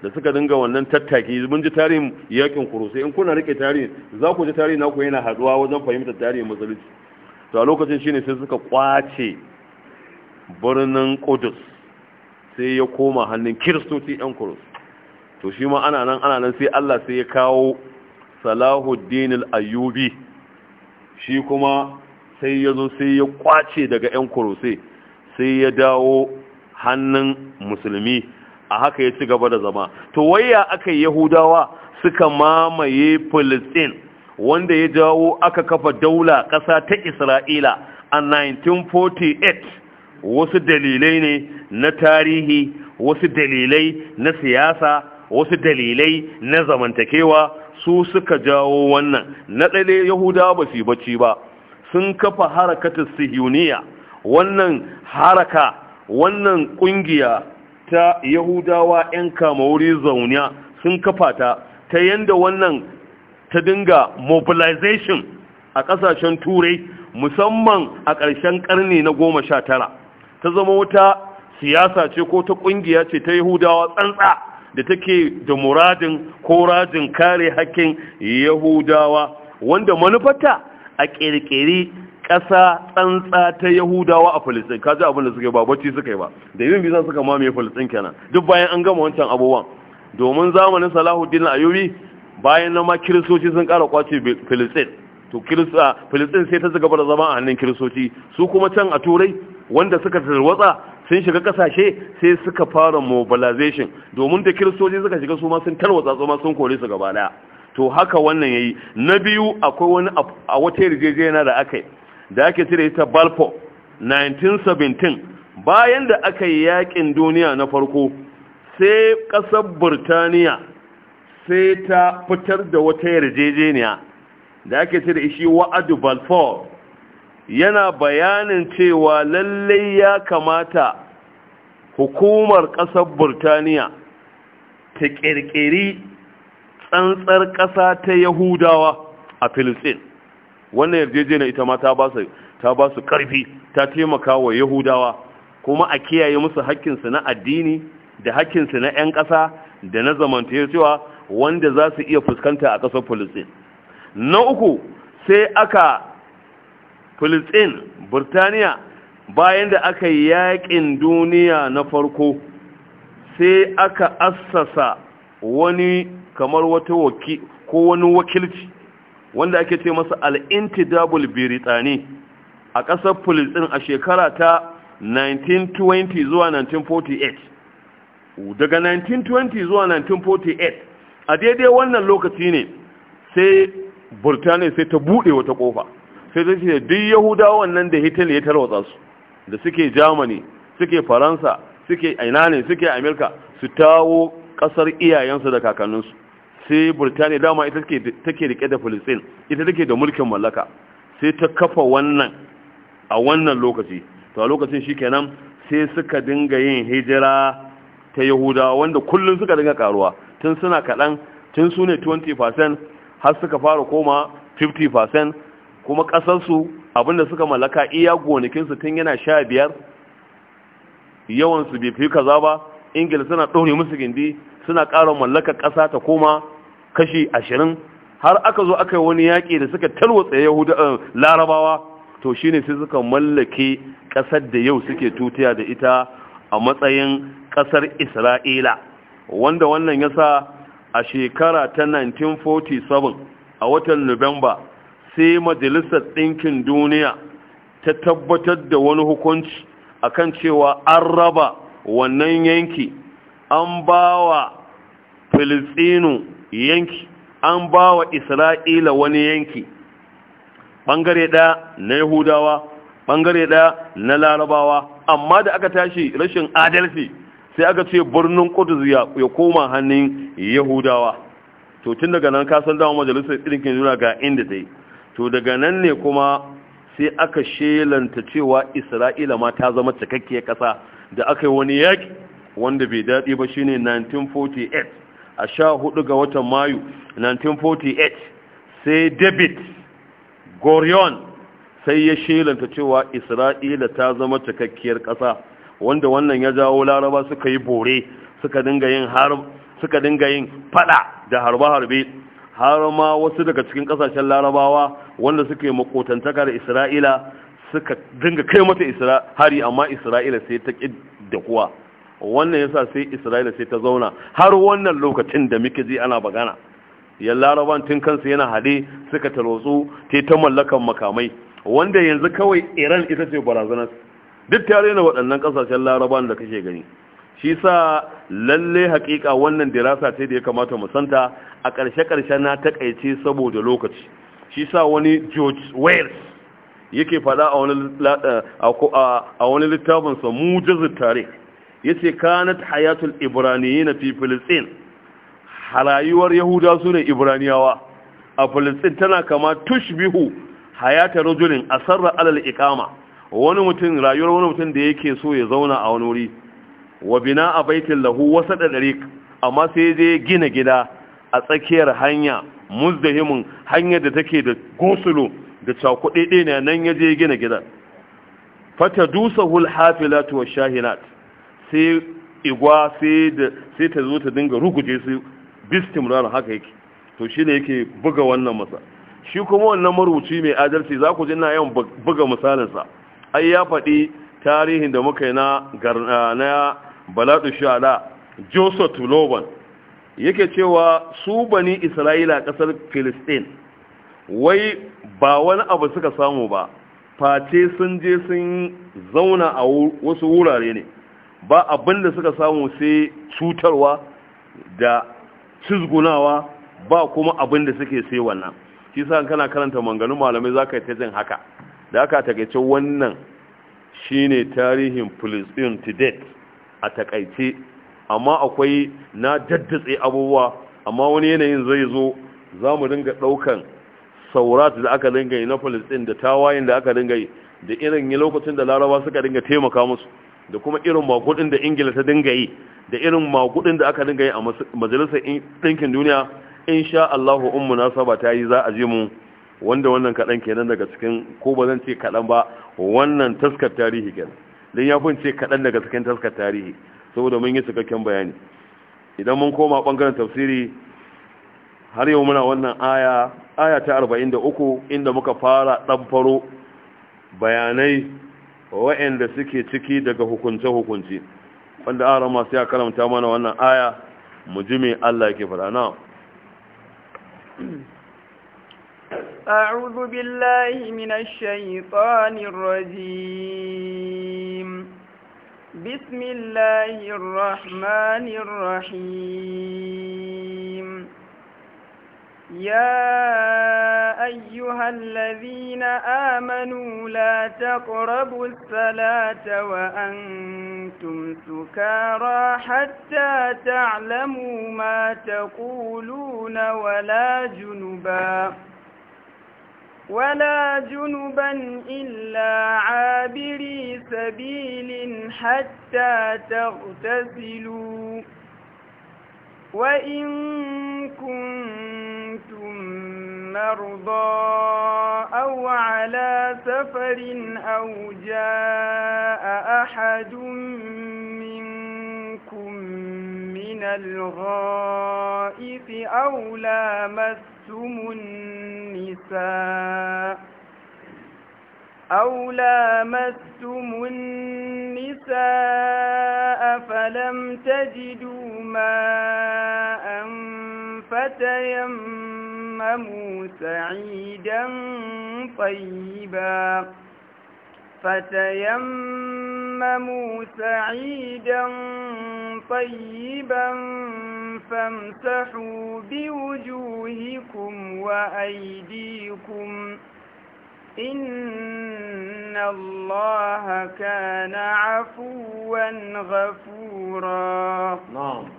da suka dinga wannan tattaki mun ji tarihin yakin kurusai in kuna rike tarihi za ku ji ku naku yana haduwa wajen fahimtar tarihin musulunci to a lokacin shine sai suka kwace birnin kudus sai ya koma hannun kiristoci yan kurus to shi ma ana nan ana nan sai Allah sai ya kawo salahuddin al-ayyubi shi kuma sai ya zo sai ya kwace daga yan kurusai sai ya dawo hannun musulmi a haka ya ci gaba da zama to waya aka yahudawa suka mamaye palestine wanda ya jawo aka kafa daula ƙasa ta isra'ila a 1948 wasu dalilai ne na tarihi wasu dalilai na siyasa wasu dalilai na zamantakewa su suka jawo wannan na ɗale yahudawa ba su bacci ba sun kafa harakatar sihuniya wannan haraka wannan ƙungiya ta yahudawa 'yan kama wuri zauniya sun kafa ta ta yanda wannan ta dinga mobilization a ƙasashen turai musamman a ƙarshen ƙarni na goma sha tara ta zama wata siyasa ce ko ta ƙungiya ce ta yahudawa tsantsa da take da muradin ko rajin kare hakkin yahudawa wanda manufata a ƙirƙiri ƙasa tsantsa ta yahudawa a Ka kaji abin da suka yi ba bacci suka yi ba da yin bizan suka mamaye falisai kenan duk bayan an gama wancan abubuwan domin zamanin salahuddin ayubi bayan na ma kiristoci sun ƙara kwace falisai to falisai sai ta zagaba da zama a hannun kiristoci su kuma can a turai wanda suka tarwatsa sun shiga kasashe sai suka fara mobilization domin da kiristoci suka shiga su ma sun tarwatsa su ma sun kore su gaba daya to haka wannan yayi na biyu akwai wani a wata yarjejeniya da aka yi da ake cire ita balfo 1917 bayan da aka yi yakin duniya na farko sai kasar burtaniya sai ta fitar da wata yarjejeniya da ake cire shi wa'adu balfour yana bayanin cewa lallai ya kamata hukumar kasar burtaniya ta kirkiri tsantsar ƙasa ta yahudawa a filistin wannan yarjejeniyar ita ma ta ba su ta ba su karfi ta taimaka wa yahudawa kuma a kiyaye musu haƙƙinsu na addini da haƙƙinsu na 'yan ƙasa da na zamantakewa wanda za su iya fuskanta a ƙasar Filistin. Na uku sai aka Filistin, Birtaniya bayan da aka yi yaƙin duniya na farko sai aka assasa wani kamar wata waki ko wani wakilci wanda ake ce masa al'intidabul biritani a ƙasar filistin a shekara ta 1920 zuwa 1948 daga 1920 zuwa 1948 a daidai wannan lokaci ne sai burtaniya sai ta buɗe wata ƙofa sai ta ce duk Yahudawa wannan da hitler ya tarwatsa su da suke germany suke faransa suke aina ne suke amerika su tawo ƙasar iyayensu da kakanninsu sai burtaniya dama ita take rike da filistin ita take da mulkin mallaka sai ta kafa wannan a wannan lokaci to a lokacin shi kenan sai suka dinga yin hijira ta yahudawa wanda kullum suka dinga karuwa tun suna kaɗan tun sune ne 20% har suka fara koma 50% kuma ƙasarsu abinda suka mallaka iya gonakinsu tun yana sha biyar yawansu bai fi kaza ba ingila suna ɗaure musu gindi suna ƙara mallakar ƙasa ta koma kashi ashirin har aka zo aka yi wani yaƙi da suka talwatsa yahuda eh, larabawa to shi ne sai suka mallake ƙasar da yau suke tutiya da ita a matsayin ƙasar isra'ila wanda wannan ya sa a shekara ta 1947 a watan nuwamba sai majalisar ɗinkin duniya ta tabbatar da wani hukunci akan cewa an raba wannan yanki an ba wa filistinu yanki an ba wa isra'ila wani yanki ɓangare ɗaya na yahudawa ɓangare ɗaya na larabawa amma da aka tashi rashin adalci sai aka ce birnin kudus ya koma hannun yahudawa to tun daga nan kasan dama majalisar ɗinkin juna ga inda ta to daga nan ne kuma sai aka shelanta cewa isra'ila ma ta zama cikakkiyar ƙasa da aka yi wani yaƙi wanda bai daɗi ba shine 1948 a sha hudu ga watan mayu 1948 sai david gorion sai ya shelanta cewa isra'ila ta zama cikakkiyar ƙasa wanda wannan ya jawo laraba suka yi bore suka dinga yin suka dinga yin fada da harbe-harbe har ma wasu daga cikin kasashen larabawa wanda suke makotantaka da isra'ila suka dinga kai mata hari amma isra'ila sai ta ƙi da kuwa wannan yasa sai isra'ila sai ta zauna har wannan lokacin da muke ji ana bagana ya laraban tun kansa yana haɗe suka talotsu te ta mallakan makamai wanda yanzu kawai iran ita ce barazanar duk tare na waɗannan ƙasashen laraban da kake gani shi sa lalle hakika wannan dirasa ce da ya kamata mu santa a ƙarshe-ƙarshe na taƙaice saboda lokaci shi sa wani george wales yake faɗa a wani littafinsa mujazin tare yace kanat hayatul ibraniyina fi filistin halayuwar yahuda sune ibraniyawa a filistin tana kama tushbihu Hayatar rajulin asarra alal iqama wani mutum rayuwar wani mutum da yake so ya zauna a wani wuri wa bina a baitin lahu wasa da dariq amma sai je gina gida a tsakiyar hanya muzdahimin hanyar da take da gosulo da cakuɗe ɗaya nan ya je gina gidan fata dusahul hafilatu wa shahinat sai igwa sai ta zo ta dinga ruguje su rana haka yake to shi ne yake buga wannan masa shi kuma wannan marubuci mai adalci za ku na yawan buga misalinsa ai ya faɗi tarihin da muka yi na baladu sha'ala joseph tuloban yake cewa su bani isra'ila ƙasar filistin wai ba wani abu suka samu ba face sun je sun zauna a wasu wurare ne ba abin da suka samu sai cutarwa da cizgunawa ba kuma abin da suke sai wannan shi sa kana karanta manganu malamai za ka yi tajin haka da aka takaice wannan shine tarihin filistin to date a takaice amma akwai na daddatse abubuwa amma wani yanayin zai zo za mu dinga ɗaukan saurat da aka dinga yi na filistin da tawayin da aka dinga yi da irin lokacin da laraba suka dinga taimaka musu da kuma irin makudin da ingila ta dinga yi da irin makudin da aka dinga yi a majalisar ɗinkin duniya insha Allahu ummu saba ta yi za a je mu wanda wannan kaɗan kenan daga cikin ko ba zan ce kaɗan ba wannan taskar tarihi kenan don ya fi ce kaɗan daga cikin taskar tarihi saboda mun yi cikakken bayani idan mun koma ɓangaren tafsiri har yau muna wannan aya aya ta 43 inda muka fara faro bayanai wa'anda suke ciki daga hukunce-hukunce wanda ara masu ya karanta mana wannan aya mu ji Allah yake fara na أعوذ بالله من الشيطان الرجيم بسم الله الرحمن الرحيم يا أيها الذين آمنوا لا تقربوا الصلاة وأنتم سكارى حتى تعلموا ما تقولون ولا جنبا ولا جنبا إلا عابري سبيل حتى تغتسلوا وإن كنتم كنتم مرضى أو على سفر أو جاء أحد منكم من الغائط أو لامستم النساء أو لامستم النساء فلم تجدوا ماء فتيمموا سعيدا طيبا فتيمموا سعيدا طيبا فامسحوا بوجوهكم وأيديكم إن الله كان عفوا غفورا نعم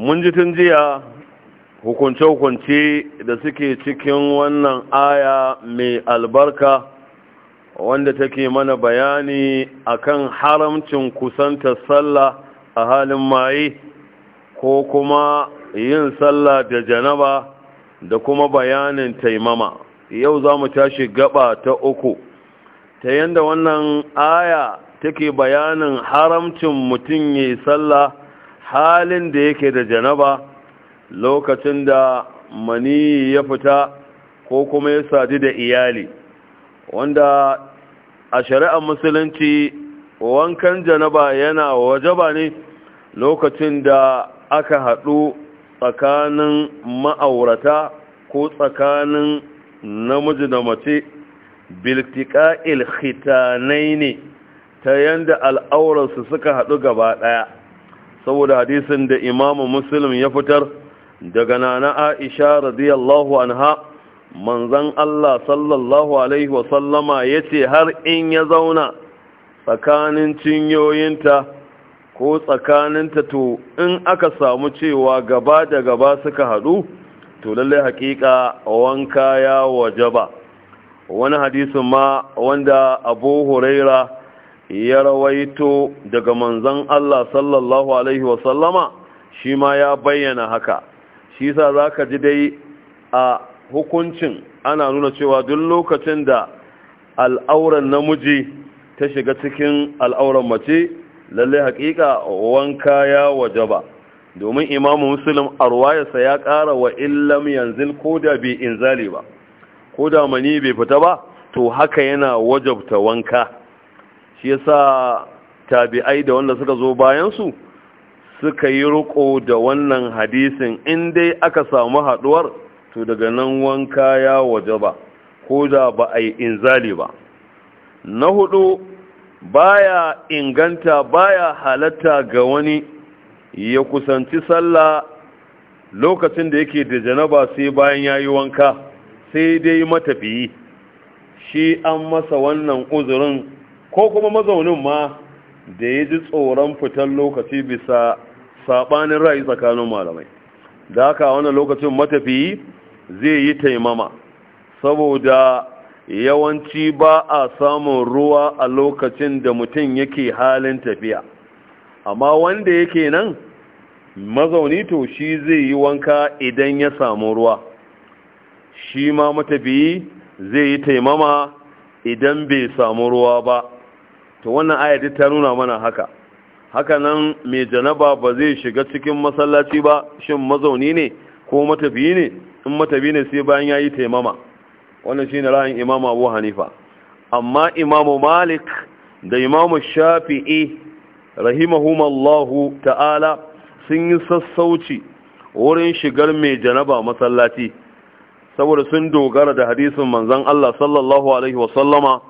mun ji tun jiya hukunce-hukunce da suke cikin wannan aya mai albarka wanda take mana bayani akan haramcin kusanta sallah a halin maye ko kuma yin sallah da janaba da kuma bayanin taimama yau za mu tashi gaba ta uku ta yanda wannan aya take bayanin haramcin mutum yi sallah halin da yake da janaba lokacin da mani ya fita ko kuma ya sadu da iyali wanda a shari'ar musulunci wankan janaba yana wajaba ne lokacin da aka haɗu tsakanin ma'aurata ko tsakanin namiji da mace biltika ilhita ne ta yanda al'aurarsu suka haɗu gaba ɗaya saboda hadisin da imamu muslim ya fitar daga nana aisha radiyallahu anha manzan Allah sallallahu alaihi wasallama ya ce har in ya zauna tsakanin cinyoyinta ko tsakaninta to in aka samu cewa gaba da gaba suka haɗu to lallai hakika wanka ya waje ba. wani hadisin ma wanda abu huraira ya rawaito daga manzan Allah sallallahu alaihi wasallama shi ma ya bayyana haka shi sa za ka ji dai a hukuncin ana nuna cewa duk lokacin da al'auran namiji ta shiga cikin al'auran mace lalle haƙiƙa wanka ya waje ba domin imamu musulun arwayarsa ya ƙara wa illam yanzu ko da bai inzali ba ko da mani bai fita ba to haka yana wajabta wanka shi yasa tabi'ai da wanda suka zo bayansu suka yi riko da wannan hadisin in dai aka samu haduwar to daga nan wanka ya waje ba ko da ba a yi inzali ba na hudu baya inganta baya halatta ga wani ya kusanci sallah lokacin da yake da janaba sai bayan ya yi wanka sai dai matafiyi shi an masa wannan uzurin ko kuma mazaunin ma da ya ji tsoron fitar lokaci bisa saɓanin ra'ayi tsakanin malamai da haka wani lokacin matafiyi zai yi taimama saboda yawanci ba a samun ruwa a lokacin da mutum yake halin tafiya amma wanda yake nan mazauni to shi zai yi wanka idan ya samu ruwa shi ma matafiyi zai yi taimama idan bai samu ruwa ba to wannan ayati ta nuna mana haka haka nan mai janaba ba zai shiga cikin masallaci ba shin mazauni ne ko matafiyi ne in matafiyi ne sai bayan yayi taimama wannan shine ra'ayin Imam Abu Hanifa amma imamu Malik da imamu Shafi'i rahimahumallahu ta'ala sun yi sassauci wurin shigar mai janaba masallaci saboda sun dogara da hadisin manzon Allah sallallahu alaihi wasallama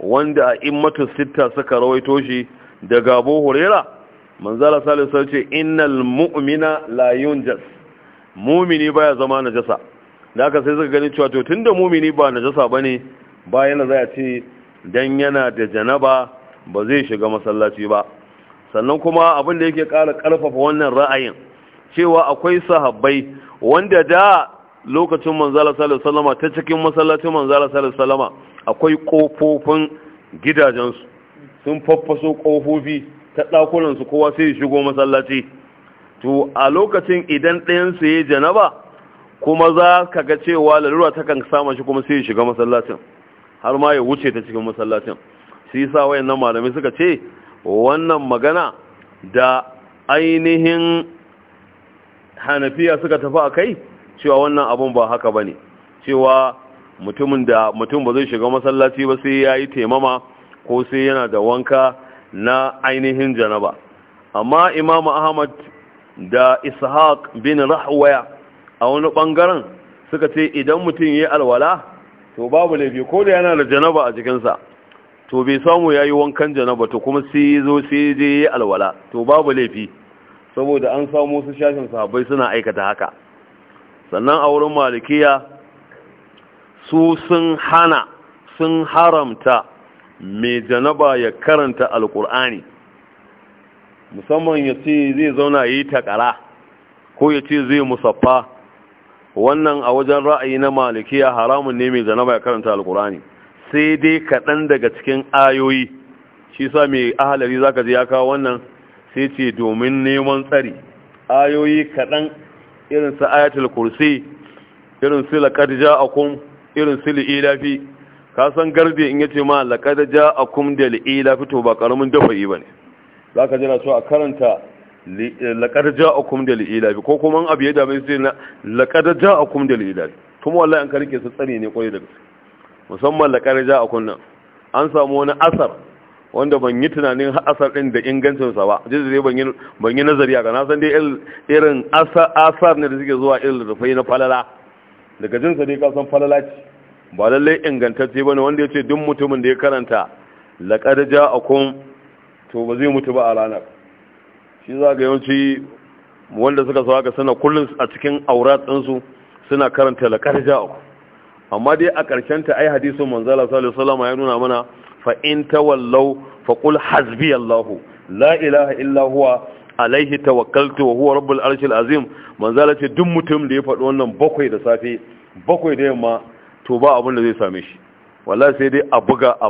wanda a immatu sitta suka rawaito shi daga abu hurera manzala salisu ce innal mu'mina layun jas mumini baya zama najasa da aka sai suka gani cewa to tunda mumini ba najasa ne bayan za a ce don yana da janaba ba zai shiga masallaci ba sannan kuma abin da yake kara ƙarfafa wannan ra'ayin cewa akwai sahabbai wanda da lokacin manzala salisar salama ta cikin masallacin manzala salisar salama akwai ƙofofin gidajensu sun faffaso kofofi ta ɗakunansu kowa sai shigo masallaci to a lokacin idan ɗayansu ya janaba kuma za ka ga cewa lalura ta kan sama shi kuma sai ya shiga masallacin har ma ya wuce ta cikin masallacin shi sa wayannan malamai suka ce wannan magana da ainihin hanafiya suka tafi a kai cewa wannan abun ba haka bane cewa mutumin da mutum ba zai shiga masallaci ba sai ya yi taimama ko sai yana da wanka na ainihin janaba amma imamu ahmad da ishaq bin rahwaya a wani bangaren suka ce idan mutum ya yi alwala to babu laifi ko da yana da janaba a jikinsa to bai samu ya yi wankan janaba to kuma sai zo sai je ya yi alwala to babu laifi saboda an samu su shashin sahabbai suna aikata haka sannan a wurin malikiya su sun hana sun haramta mai janaba ya karanta alkur'ani musamman ya ce zai zauna yi takara ko ya ce zai musaffa wannan a wajen ra'ayi na malikiya haramun ne mai janaba ya karanta alkur'ani sai dai kaɗan daga cikin ayoyi shi sa mai ahalari za ka ya kawo wannan sai ce domin neman tsari ayoyi kaɗan irin ayatul kursi irin su a kuma irin sili ilafi ka san garbe in yace ma laqad ja'akum da ilafi to ba karamin dafa'i bane zaka jira so a karanta laqad ja'akum da ilafi ko kuma abu ya mai sai na laqad ja'akum da ilafi kuma wallahi an karke su tsare ne koyi da gaske musamman laqad ja'akum nan an samu wani asar wanda ban yi tunanin asar din da ingancinsa ba jizu dai ban yi nazari a na san dai irin asar ne da suke zuwa irin rufai na falala daga jinsa dai kasan falala ce ba lallai ingantacce bane wanda yace duk mutumin da ya karanta laqad ja'akum to ba zai mutu ba a ranar shi za ga yawanci wanda suka so haka suna kullun a cikin aurat ɗinsu suna karanta laqad ja'akum amma dai a ƙarshen ta ai hadisin manzala sallallahu alaihi wasallam ya nuna mana fa in tawallaw fa qul hasbiyallahu la ilaha illa huwa alaihi tawakkaltu wa huwa rabbul arshil azim manzala ce duk mutum da ya faɗi wannan bakwai da safe bakwai da yamma to ba abin da zai same shi wallahi sai dai a buga a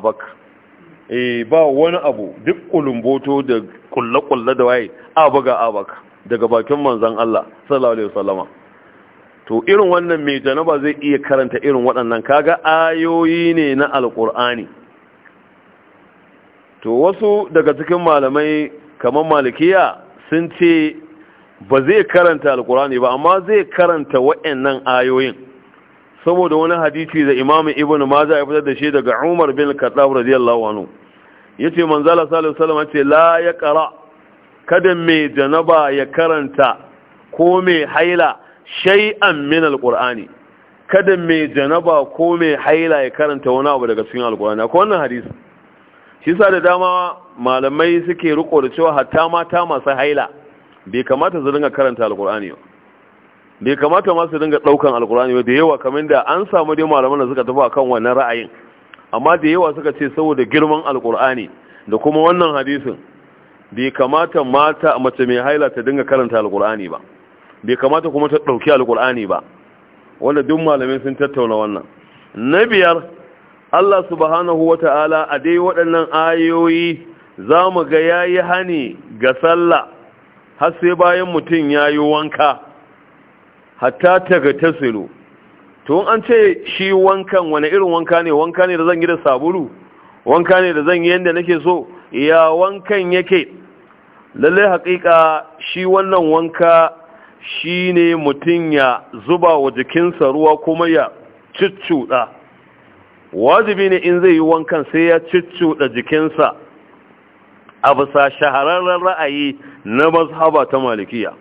eh ba wani abu duk kulumboto da kullakulla da waye a buga a daga bakin manzon Allah sallallahu alaihi wasallama to irin wannan mai janaba zai iya karanta irin waɗannan kaga ayoyi ne na alqur'ani to wasu daga cikin malamai kamar malikiya sun ce ba zai karanta alqur'ani ba amma zai karanta waɗannan ayoyin saboda wani hadisi da imamu ibn maza ya fitar da shi daga umar bin khattab radiyallahu anhu yace manzala sallallahu alaihi wasallam yace la ya qara kada mai janaba ya karanta ko mai haila shay'an min alqur'ani kada mai janaba ko mai haila ya karanta wani abu daga cikin alqur'ani akwai wannan hadisi shi sa da dama malamai suke riko da cewa hatta mata masu haila bai kamata su dinga karanta alqur'ani ba bai kamata masu dinga daukan alkur'ani ba da yawa kamar da an samu dai malaman da suka tafi kan wannan ra'ayin amma da yawa suka ce saboda girman alkur'ani da kuma wannan hadisin bai kamata mata mace mai haila ta dinga karanta alkur'ani ba bai kamata kuma ta dauki alkur'ani ba wanda duk malamin sun tattauna wannan na biyar Allah subhanahu ta'ala a dai waɗannan ayoyi za mu ga ya yi hani ga sallah har sai bayan mutum ya yi wanka hatta tagatasilu to an ce shi wankan wani irin wanka ne wanka ne da zan yi da sabulu wanka ne da zan yi yadda nake so ya wankan yake lallai haƙiƙa shi wannan wanka shi ne mutum ya zuba wa jikinsa ruwa kuma ya ciccuɗa wajibi ne in zai yi wankan sai ya ciccuɗa jikinsa a bisa shahararren ra'ayi na mazhaba ta malikiya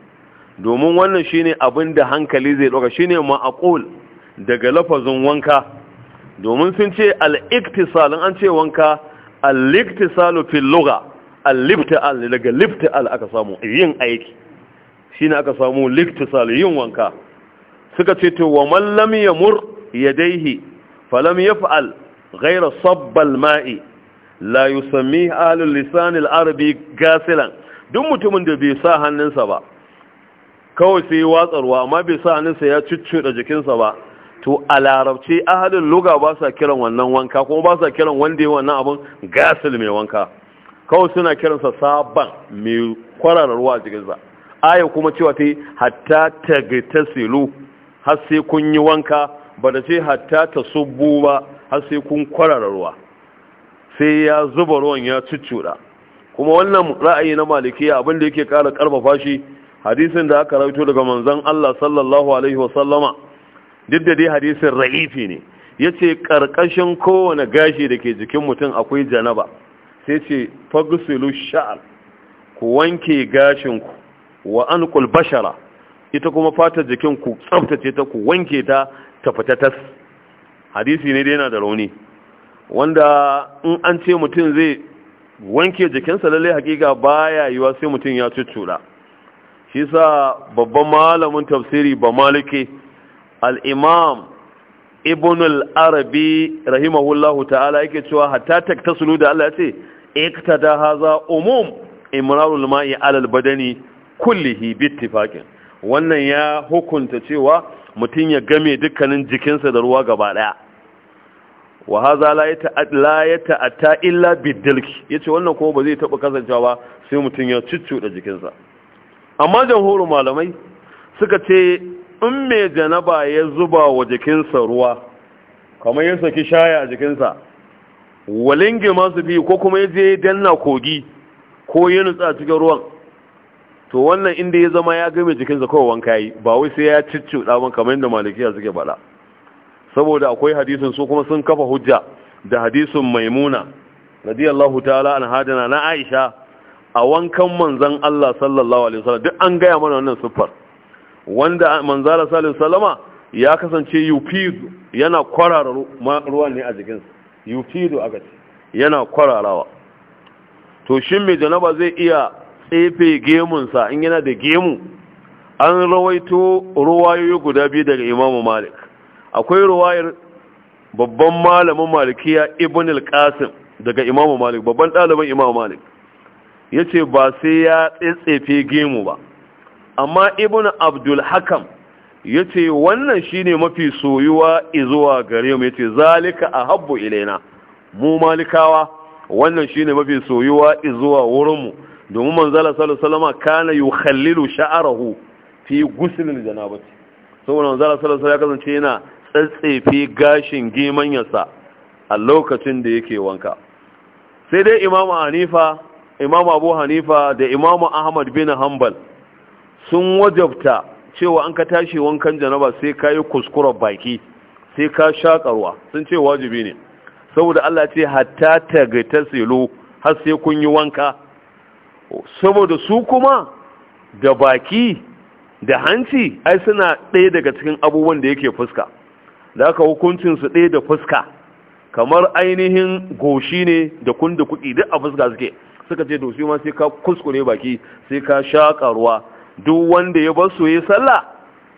domin wannan shine abin da hankali zai ɗauka shine ma'aqul daga lafazin wanka domin sun ce al'iktisalin an ce wanka al'iktisalu fi fil lugha al daga libtal aka samu yin aiki shine aka samu liktisal yin wanka suka ce to wa man ya yamur yadayhi falam fa’al gaira sabbal ma'i la yi sami halin lissanin arabi gasilan duk mutumin da bai sa hannunsa ba kawai sai watsarwa amma bai sa hannunsa ya da jikinsa ba to a larabci ahalin luga ba sa kiran wannan wanka kuma ba sa kiran wanda ya wannan abin gasil mai wanka kawai suna kiransa sabon mai kwararar ruwa a jikinsa aya kuma cewa ta yi hatta ta silu har sai kun yi wanka ba da ce hatta ta subu ba har sai kun kwararar sai ya zuba ruwan ya cuccuɗa kuma wannan ra'ayi na malikiya abin da yake ƙara ƙarfafa shi hadisin da aka rawaito daga manzon Allah sallallahu alaihi wasallama duk da dai hadisin ra'ifi ne yace ƙarƙashin kowane gashi da ke jikin mutum akwai janaba sai ce fagsilu sha'al ku wanke gashinku wa anqul bashara ita kuma fata jikin ku tsaftace ta ku wanke ta ta fita tas hadisi ne dai yana da rauni wanda in an ce mutum zai wanke jikinsa lallai hakika baya yiwa sai mutum ya cuccuda shi babban malamin tafsiri ba maliki al'imam ibn al'arabi rahimahullahu ta'ala yake cewa hatta taktasulu da Allah ya ce iktada haza umum imrarul ma'i alal badani kullihi bittifaqin wannan ya hukunta cewa mutum ya game dukkanin jikinsa da ruwa gaba daya wa haza la yata'atta illa ya yace wannan kuma ba zai taba kasancewa ba sai mutum ya ciccuda jikinsa amma jamhurin malamai suka ce in mai janaba ya zuba wa jikinsa ruwa kamar ya saki shaya a jikinsa walingi masu biyu ko kuma ya je danna kogi ko ya nutsa cikin ruwan to wannan inda ya zama ya game jikinsa kawai wanka yi ba wai sai ya cicci ɗaban kamar yadda malikiya suke faɗa saboda akwai hadisin su kuma sun kafa hujja da hadisin maimuna radiyallahu ta'ala an hadana na aisha a wankan manzan Allah sallallahu alaihi wasallam duk an gaya mana wannan siffar wanda Manzara sallallahu alaihi wasallama ya kasance yufidu yana kwarara ruwan ne a jikinsa yufidu a gaci yana kwararawa to shin mai janaba zai iya tsefe gemunsa in yana da gemu an rawaito ruwayoyi guda biyu daga imamu malik akwai ruwayar babban malamin malikiya ibn al-qasim daga imamu malik babban ɗaliban imamu malik ya ce ba sai ya tsetsefe gemu ba amma ibn abdul hakam ya ce wannan shine mafi soyuwa izuwa gare mu ya ce zalika a habbu ilaina mu malikawa wannan shine mafi soyuwa izuwa wurinmu domin manzala salama kana yi khallilu sha'arahu fi gusilin janabati saboda manzala salama ya kasance yana tsetsefe gashin yasa a lokacin da yake wanka sai dai imamu hanifa Imam abu hanifa da imamu ahmad bin hanbal sun wajabta cewa an ka tashi wankan janaba sai ka yi kuskuren baki sai ka shakarwa sun ce wajibi ne saboda allah ce hatta tagata silo har sai kun yi wanka saboda su kuma da baki da hanci ai suna ɗaya daga cikin abubuwan da yake fuska da aka hukuncinsu ɗaya da fuska kamar ainihin goshi ne da kunda kuɗi duk a fuska suke suka ce to shi ma sai ka kuskure baki sai ka shaka ruwa duk wanda ya bar su yi sallah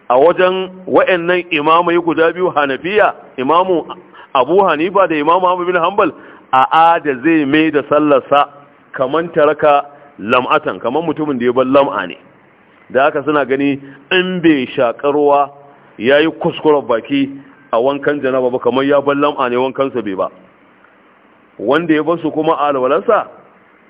a wajen wa'annan imamai guda biyu hanafiya imamu abu hanifa da imamu ahmad bin hanbal a ada zai mai da sallarsa kaman taraka lam'atan kaman mutumin da ya bar lam'a ne da haka suna gani in bai shakarwa ya yi kuskure baki a wankan janaba ba kamar ya bar lam'a ne wankansa bai ba wanda ya basu kuma a alwalarsa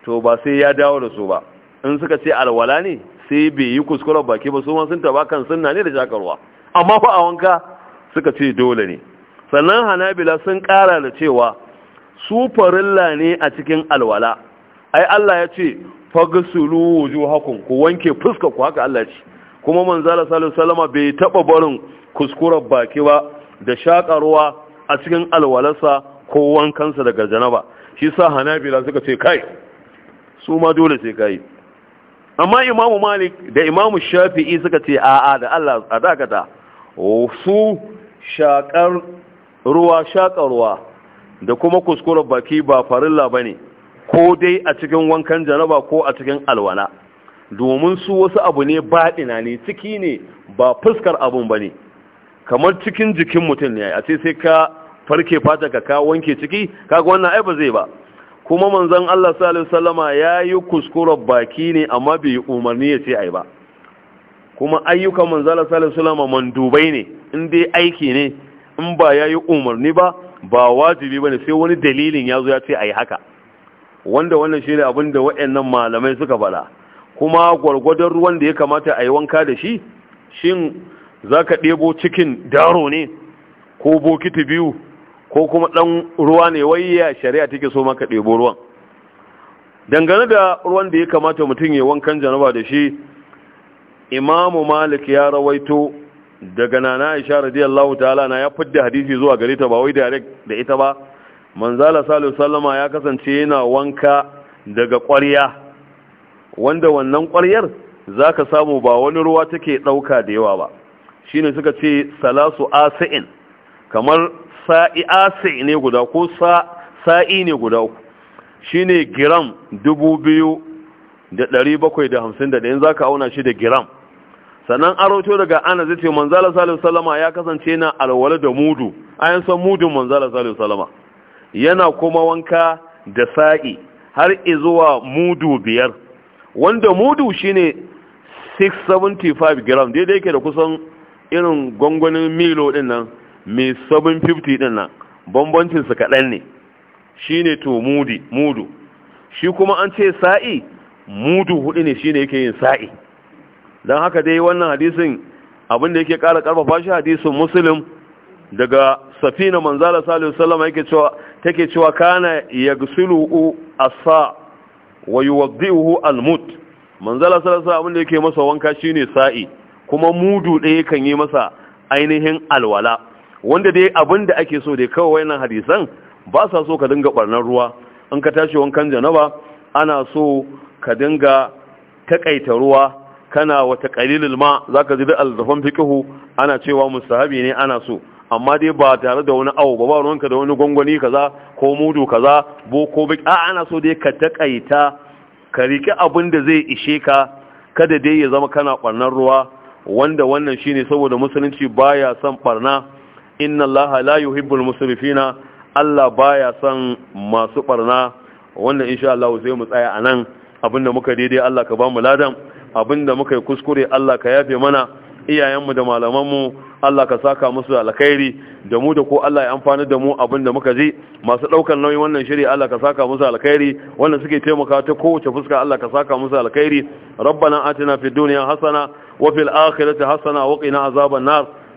to ba sai ya dawo da su ba in suka ce alwala ne sai bai yi kuskuren baki ba su ma sun taba kan sunna ne da shakarwa amma fa a wanka suka ce dole ne sannan hanabila sun kara da cewa su farilla ne a cikin alwala ai Allah ya ce fagsulu wujuhakum ku wanke fuska ku haka Allah ya ce kuma manzala sallallahu alaihi wasallam bai taba barin kuskuren baki ba da shakarwa a cikin alwalarsa ko wankansa daga janaba shi sa hanabila suka ce kai su ma dole sai kayi amma imamu malik da imamu shafi'i suka ce a'a da Allah a dakata su shakar ruwa ruwa da kuma kuskuren baki ba farilla bane ko dai a cikin wankan janaba ko a cikin alwana, domin su wasu abu ne baɗina ne ciki ne ba fuskar abun bane kamar cikin jikin mutum ne a ce sai ka farke fata ka ka wanke ciki kaga wannan ai ba zai ba kuma manzon Allah sallallahu alaihi wasallama yayi kuskuren baki ne amma bai umarni ya ce ai ba kuma ayyukan manzon Allah sallallahu alaihi wasallama mandubai ne in dai aiki ne in ba yayi umarni ba ba wajibi ba ne sai wani dalilin ya zo ya ce ai haka wanda wannan shine abin da waɗannan malamai suka bala kuma gwargwadon ruwan da ya kamata a yi wanka da shi shin za ka ɗebo cikin daro ne ko bokiti biyu ko kuma ɗan ruwa ne wayya shari'a take so maka ɗebo ruwan dangane da ruwan da ya kamata mutum ya wankan janaba da shi imamu malik ya rawaito daga nana aisha radiyallahu ta'ala na ya fidda hadisi zuwa gare ta ba wai direct da ita ba manzala salihu sallama ya kasance yana wanka daga ƙwarya wanda wannan ƙwaryar za ka samu ba wani ruwa take ɗauka da yawa ba shine suka ce salasu asa'in kamar sa'i asi ne guda ko sa'i ne guda shi shine giram dubu biyu da ɗari bakwai da hamsin da za ka auna shi da giram sannan an rauto daga ana zai ce manzala salama ya kasance na alwala da mudu a yan san mudun manzala salim salama yana kuma wanka da sa'i har izuwa mudu biyar wanda mudu shine 675 gram daidai yake da kusan irin gwangwanin milo din nan mai 750 din nan bambancin su kaɗan ne shine to mudu shi kuma an ce sa'i mudu hudu ne shine yake yin sa'i don haka dai wannan hadisin abin da yake ƙara ƙarfafa shi hadisin muslim daga safina manzala salihu sallama yake cewa take cewa kana yagsilu asa wa yuwaddihu almut manzala salihu abin da yake masa wanka shine sa'i kuma mudu ɗaya kan yi masa ainihin alwala wanda dai abin da ake so dai kawai wannan hadisan ba sa so ka dinga barnar ruwa in ka tashi wankan janaba ana so ka dinga takaita ruwa kana wata qalilul ma zaka ji da al-zafan fiqhu ana cewa mustahabi ne ana so amma dai ba tare da wani awo ba ba ruwanka da wani gwangwani kaza ko mudu kaza bo ko bik a ana so dai ka takaita ka riki abin da zai ishe ka kada dai ya zama kana barnar ruwa wanda wannan shine saboda musulunci baya son barna inna allaha la yuhibbul musrifina Allah baya son masu barna wannan insha Allah sai mu tsaya anan abinda muka daidai Allah ka ba mu ladan abinda muka yi kuskure Allah ka yafe mana iyayenmu da malamanmu Allah ka saka musu alkhairi da mu da ko Allah ya amfana da mu abinda muka ji masu ɗaukar nauyin wannan shiri Allah ka saka musu alkhairi Wannan suke taimaka ta kowace fuska Allah ka saka musu alkhairi rabbana atina fid dunya hasana wa fil akhirati hasana wa qina azaban nar